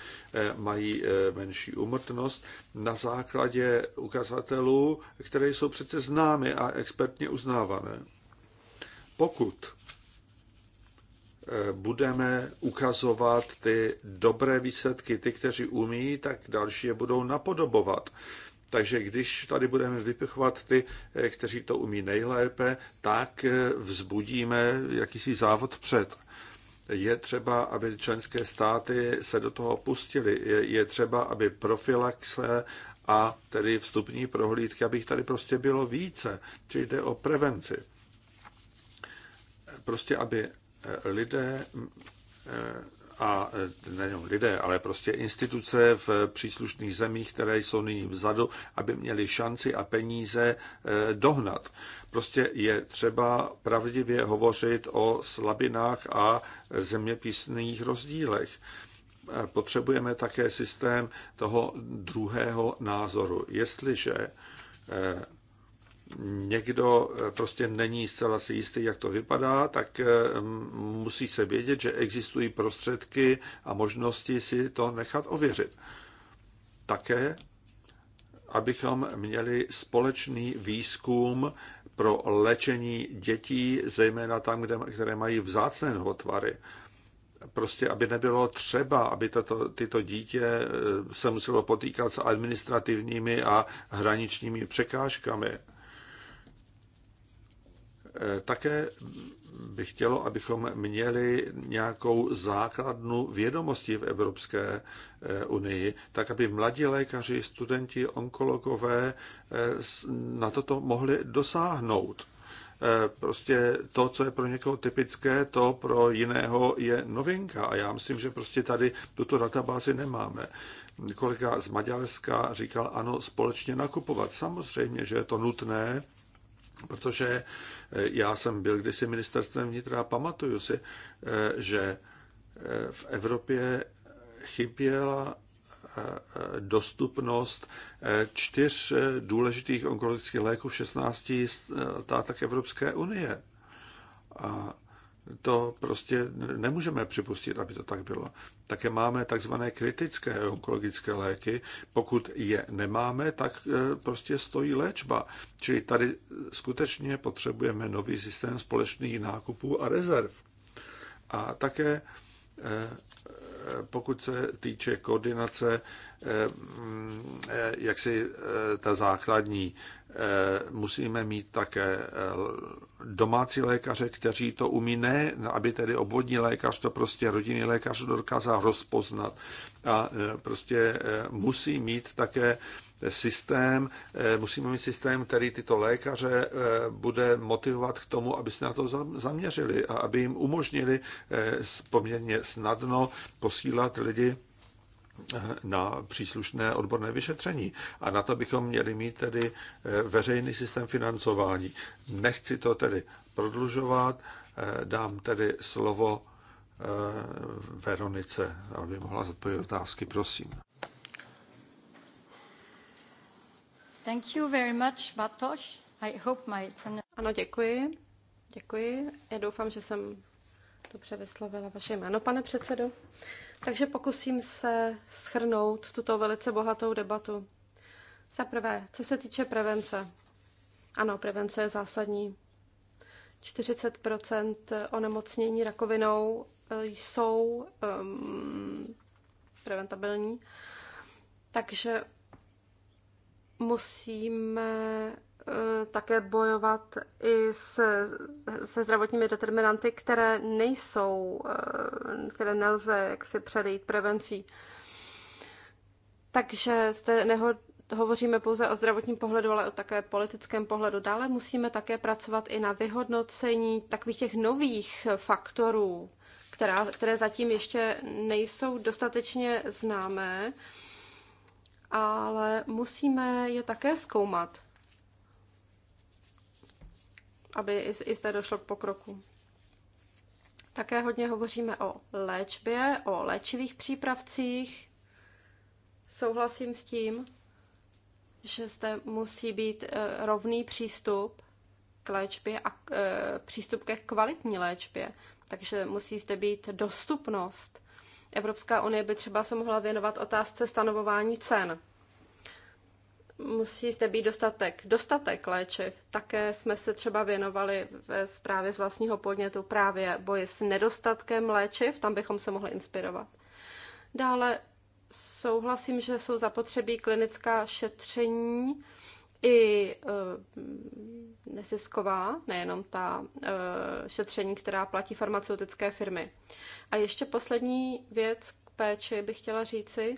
mají menší umrtnost na základě ukazatelů, které jsou přece známy a expertně uznávané. Pokud budeme ukazovat ty dobré výsledky, ty, kteří umí, tak další je budou napodobovat. Takže když tady budeme vypichovat ty, eh, kteří to umí nejlépe, tak eh, vzbudíme jakýsi závod před. Je třeba, aby členské státy se do toho pustily. Je, je třeba, aby profilaxe a tedy vstupní prohlídky, abych tady prostě bylo více. Čili jde o prevenci. Prostě, aby lidé eh, a nejenom lidé, ale prostě instituce v příslušných zemích, které jsou nyní vzadu, aby měli šanci a peníze eh, dohnat. Prostě je třeba pravdivě hovořit o slabinách a zeměpisných rozdílech. Eh, potřebujeme také systém toho druhého názoru. Jestliže někdo eh, prostě není zcela si jistý, jak to vypadá, tak eh, musí se vědět, že existují prostředky a možnosti si to nechat ověřit. Také, abychom měli společný výzkum pro léčení dětí, zejména tam, kde, které mají vzácné nohotvary. Prostě, aby nebylo třeba, aby tato, tyto dítě eh, se muselo potýkat s administrativními a hraničními překážkami Eh, také bych chtělo, abychom měli nějakou základnu vědomostí v Evropské eh, unii, tak aby mladí lékaři, studenti, onkologové eh, na toto mohli dosáhnout. Prostě to, co je pro někoho typické, to pro jiného je novinka. A já myslím, že prostě tady tuto databázi nemáme. Kolega z Maďarska říkal, ano, společně nakupovat. Samozřejmě, že je to nutné, Protože eh, já jsem byl kdysi ministerstvem vnitra a pamatuju si, eh, že eh, v Evropě chyběla dostupnost čtyř důležitých onkologických léků v 16 státech Evropské unie. A to prostě nemůžeme připustit, aby to tak bylo. Také máme takzvané kritické onkologické léky. Pokud je nemáme, tak e, prostě stojí léčba. Čili tady skutečně potřebujeme nový systém společných nákupů a rezerv. A také e, e, pokud se týče koordinace, jak si ta základní Eh, musíme mít také eh, domácí lékaře, kteří to umí, ne aby tedy obvodní lékař, to prostě rodinný lékař dokázal rozpoznat. A eh, prostě musí mít také systém, musíme mít systém, který tyto lékaře bude motivovat k tomu, aby se na to zaměřili a aby jim umožnili poměrně snadno posílat lidi na příslušné odborné vyšetření. A na to bychom měli mít tedy eh, veřejný systém financování. Nechci to tedy prodlužovat, eh, dám tedy slovo eh, Veronice, aby mohla zodpovědět otázky, prosím. Thank you very much, Bartoš. I hope my Ano, děkuji. Děkuji. Já doufám, že jsem dobře vyslovila vaše jméno, pane předsedo. Takže pokusím se schrnout tuto velice bohatou debatu. Za prvé, co se týče prevence. Ano, prevence je zásadní. 40 onemocnění rakovinou eh, jsou um, preventabilní, takže musíme Eh, také bojovat i se, se zdravotními determinanty, které nejsou, eh, které nelze jaksi předejít prevencí. Takže zde neho, hovoříme pouze o zdravotním pohledu, ale o také politickém pohledu. Dále musíme také pracovat i na vyhodnocení takových těch nových faktorů, která, které zatím ještě nejsou dostatečně známé, ale musíme je také zkoumat aby i zde došlo k pokroku. Také hodně hovoříme o léčbě, o léčivých přípravcích. Souhlasím s tím, že zde musí být e, rovný přístup k léčbě a e, přístup ke kvalitní léčbě. Takže musí zde být dostupnost. Evropská unie by třeba se mohla věnovat otázce stanovování cen. Musí zde být dostatek, dostatek léčiv. Také jsme se třeba věnovali ve zprávě z vlastního podnětu právě boji s nedostatkem léčiv, tam bychom se mohli inspirovat. Dále souhlasím, že jsou zapotřebí klinická šetření i eh, nezisková, nejenom ta eh, šetření, která platí farmaceutické firmy. A ještě poslední věc k péči bych chtěla říci,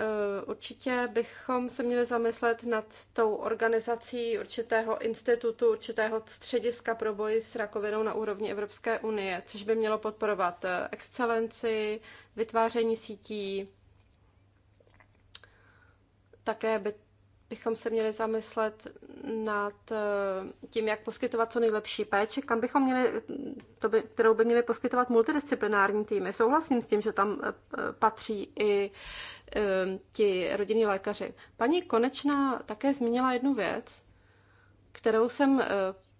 Eh, určitě bychom se měli zamyslet nad tou organizací určitého institutu, určitého střediska pro boj s rakovinou na úrovni Evropské unie, což by mělo podporovat eh, excelenci, vytváření sítí. Také by bychom se měli zamyslet nad eh, tím, jak poskytovat co nejlepší péči, kam bychom měli, to by, kterou by měli poskytovat multidisciplinární týmy. Souhlasím s tím, že tam eh, patří i eh, ti rodinní lékaři. Paní Konečná také zmínila jednu věc, kterou jsem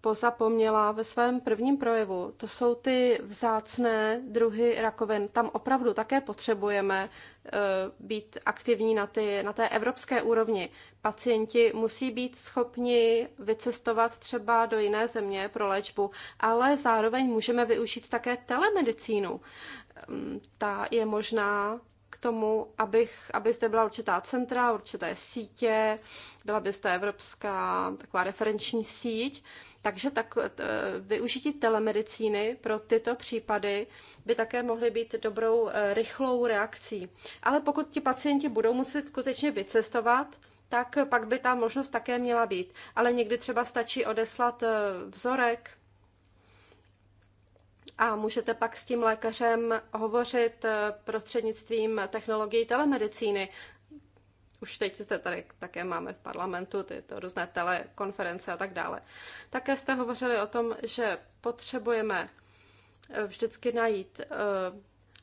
pozapomněla ve svém prvním projevu, to jsou ty vzácné druhy rakovin. Tam opravdu také potřebujeme e, být aktivní na, ty, na té evropské úrovni. Pacienti musí být schopni vycestovat třeba do jiné země pro léčbu, ale zároveň můžeme využít také telemedicínu. E, ta je možná k tomu, abych, aby zde byla určitá centra, určité sítě, byla by zde evropská taková referenční síť, takže tak, eh, využití telemedicíny pro tyto případy by také mohly být dobrou eh, rychlou reakcí. Ale pokud ti pacienti budou muset skutečně vycestovat, tak pak by ta možnost také měla být. Ale někdy třeba stačí odeslat eh, vzorek a můžete pak s tím lékařem hovořit prostřednictvím technologií telemedicíny už teď jste tady také máme v parlamentu ty to různé telekonference a tak dále. Také jste hovořili o tom, že potřebujeme eh, vždycky najít eh,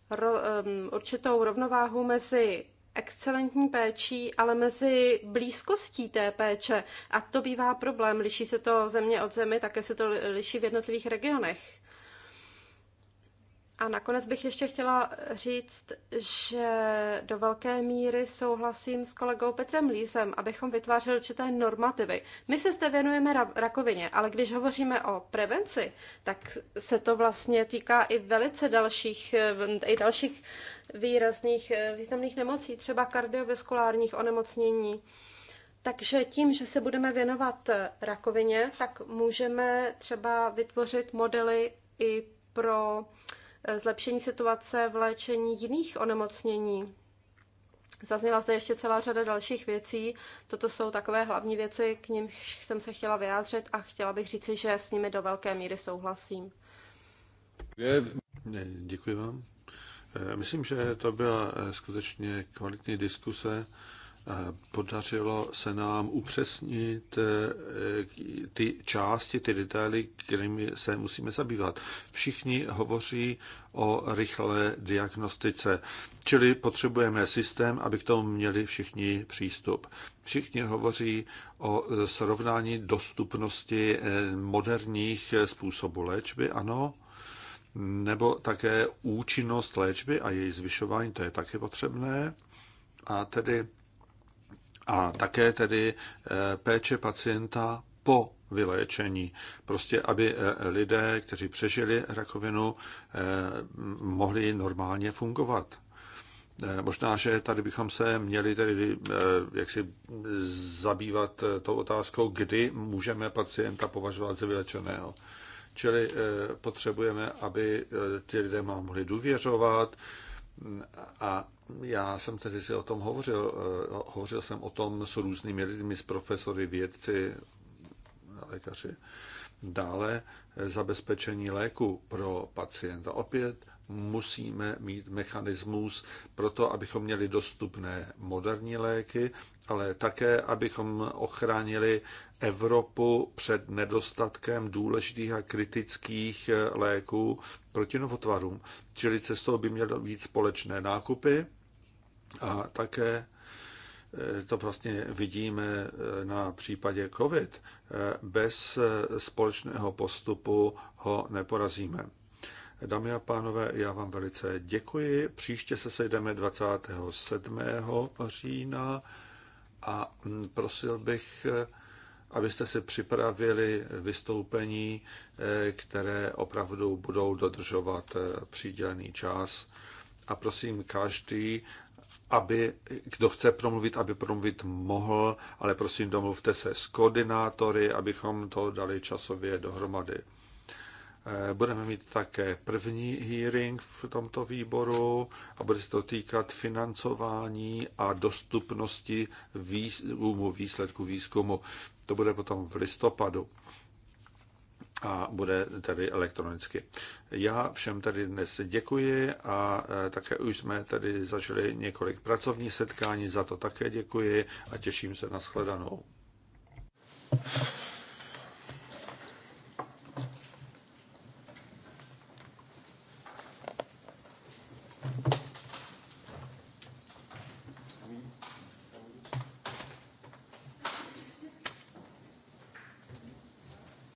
ro, eh, určitou rovnováhu mezi excelentní péčí, ale mezi blízkostí té péče. A to bývá problém. Liší se to země od zemi, také se to liší v jednotlivých regionech. A nakonec bych ještě chtěla říct, že do velké míry souhlasím s kolegou Petrem Lízem, abychom vytvářeli určité normativy. My se zde věnujeme rakovině, ale když hovoříme o prevenci, tak se to vlastně týká i velice dalších, eh, i dalších výrazných, eh, významných nemocí, třeba kardiovaskulárních onemocnění. Takže tím, že se budeme věnovat eh, rakovině, tak můžeme třeba vytvořit modely i pro zlepšení situace v léčení jiných onemocnění. Zazněla zde ještě celá řada dalších věcí. Toto jsou takové hlavní věci, k nim jsem se chtěla vyjádřit a chtěla bych říci, že s nimi do velké míry souhlasím. Děkuji vám. E, myslím, že to byla e, skutečně kvalitní diskuse. Eh, podařilo se nám upřesnit eh, ty části, ty detaily, kterými se musíme zabývat. Všichni hovoří o rychlé diagnostice, čili potřebujeme systém, aby k tomu měli všichni přístup. Všichni hovoří o eh, srovnání dostupnosti moderních způsobů léčby, ano, nebo také účinnost léčby a její zvyšování, to je také potřebné. A tedy a také tedy eh, péče pacienta po vyléčení. Prostě, aby eh, lidé, kteří přežili rakovinu, eh, mohli normálně fungovat. Možná, že tady bychom se měli tedy jaksi zabývat tou otázkou, kdy můžeme pacienta považovat za vylečeného. Čili potřebujeme, aby ti lidé mohli důvěřovat mm, a já jsem tedy si o tom hovořil. Eh, hovořil jsem o tom s různými lidmi, s profesory, vědci, lékaři. Dále eh, zabezpečení léku pro pacienta. Opět musíme mít mechanismus pro to, abychom měli dostupné moderní léky, ale také, abychom ochránili Evropu před nedostatkem důležitých a kritických eh, léků proti novotvarům. Čili cestou by měly být společné nákupy a také eh, to vlastně vidíme eh, na případě COVID. Eh, bez společného postupu ho neporazíme. Dámy a pánové, já vám velice děkuji. Příště se sejdeme 27. října a hm, prosil bych, abyste si připravili vystoupení, které opravdu budou dodržovat přidělený čas. A prosím, každý aby kdo chce promluvit, aby promluvit mohl, ale prosím domluvte se s koordinátory, abychom to dali časově dohromady. Eh, budeme mít také první hearing v tomto výboru a bude se to týkat financování a dostupnosti výzkumu, výsledku výzkumu. To bude potom v listopadu a bude tedy elektronicky. Já všem tedy dnes děkuji a e, také už jsme tedy začali několik pracovních setkání, za to také děkuji a těším se na shledanou.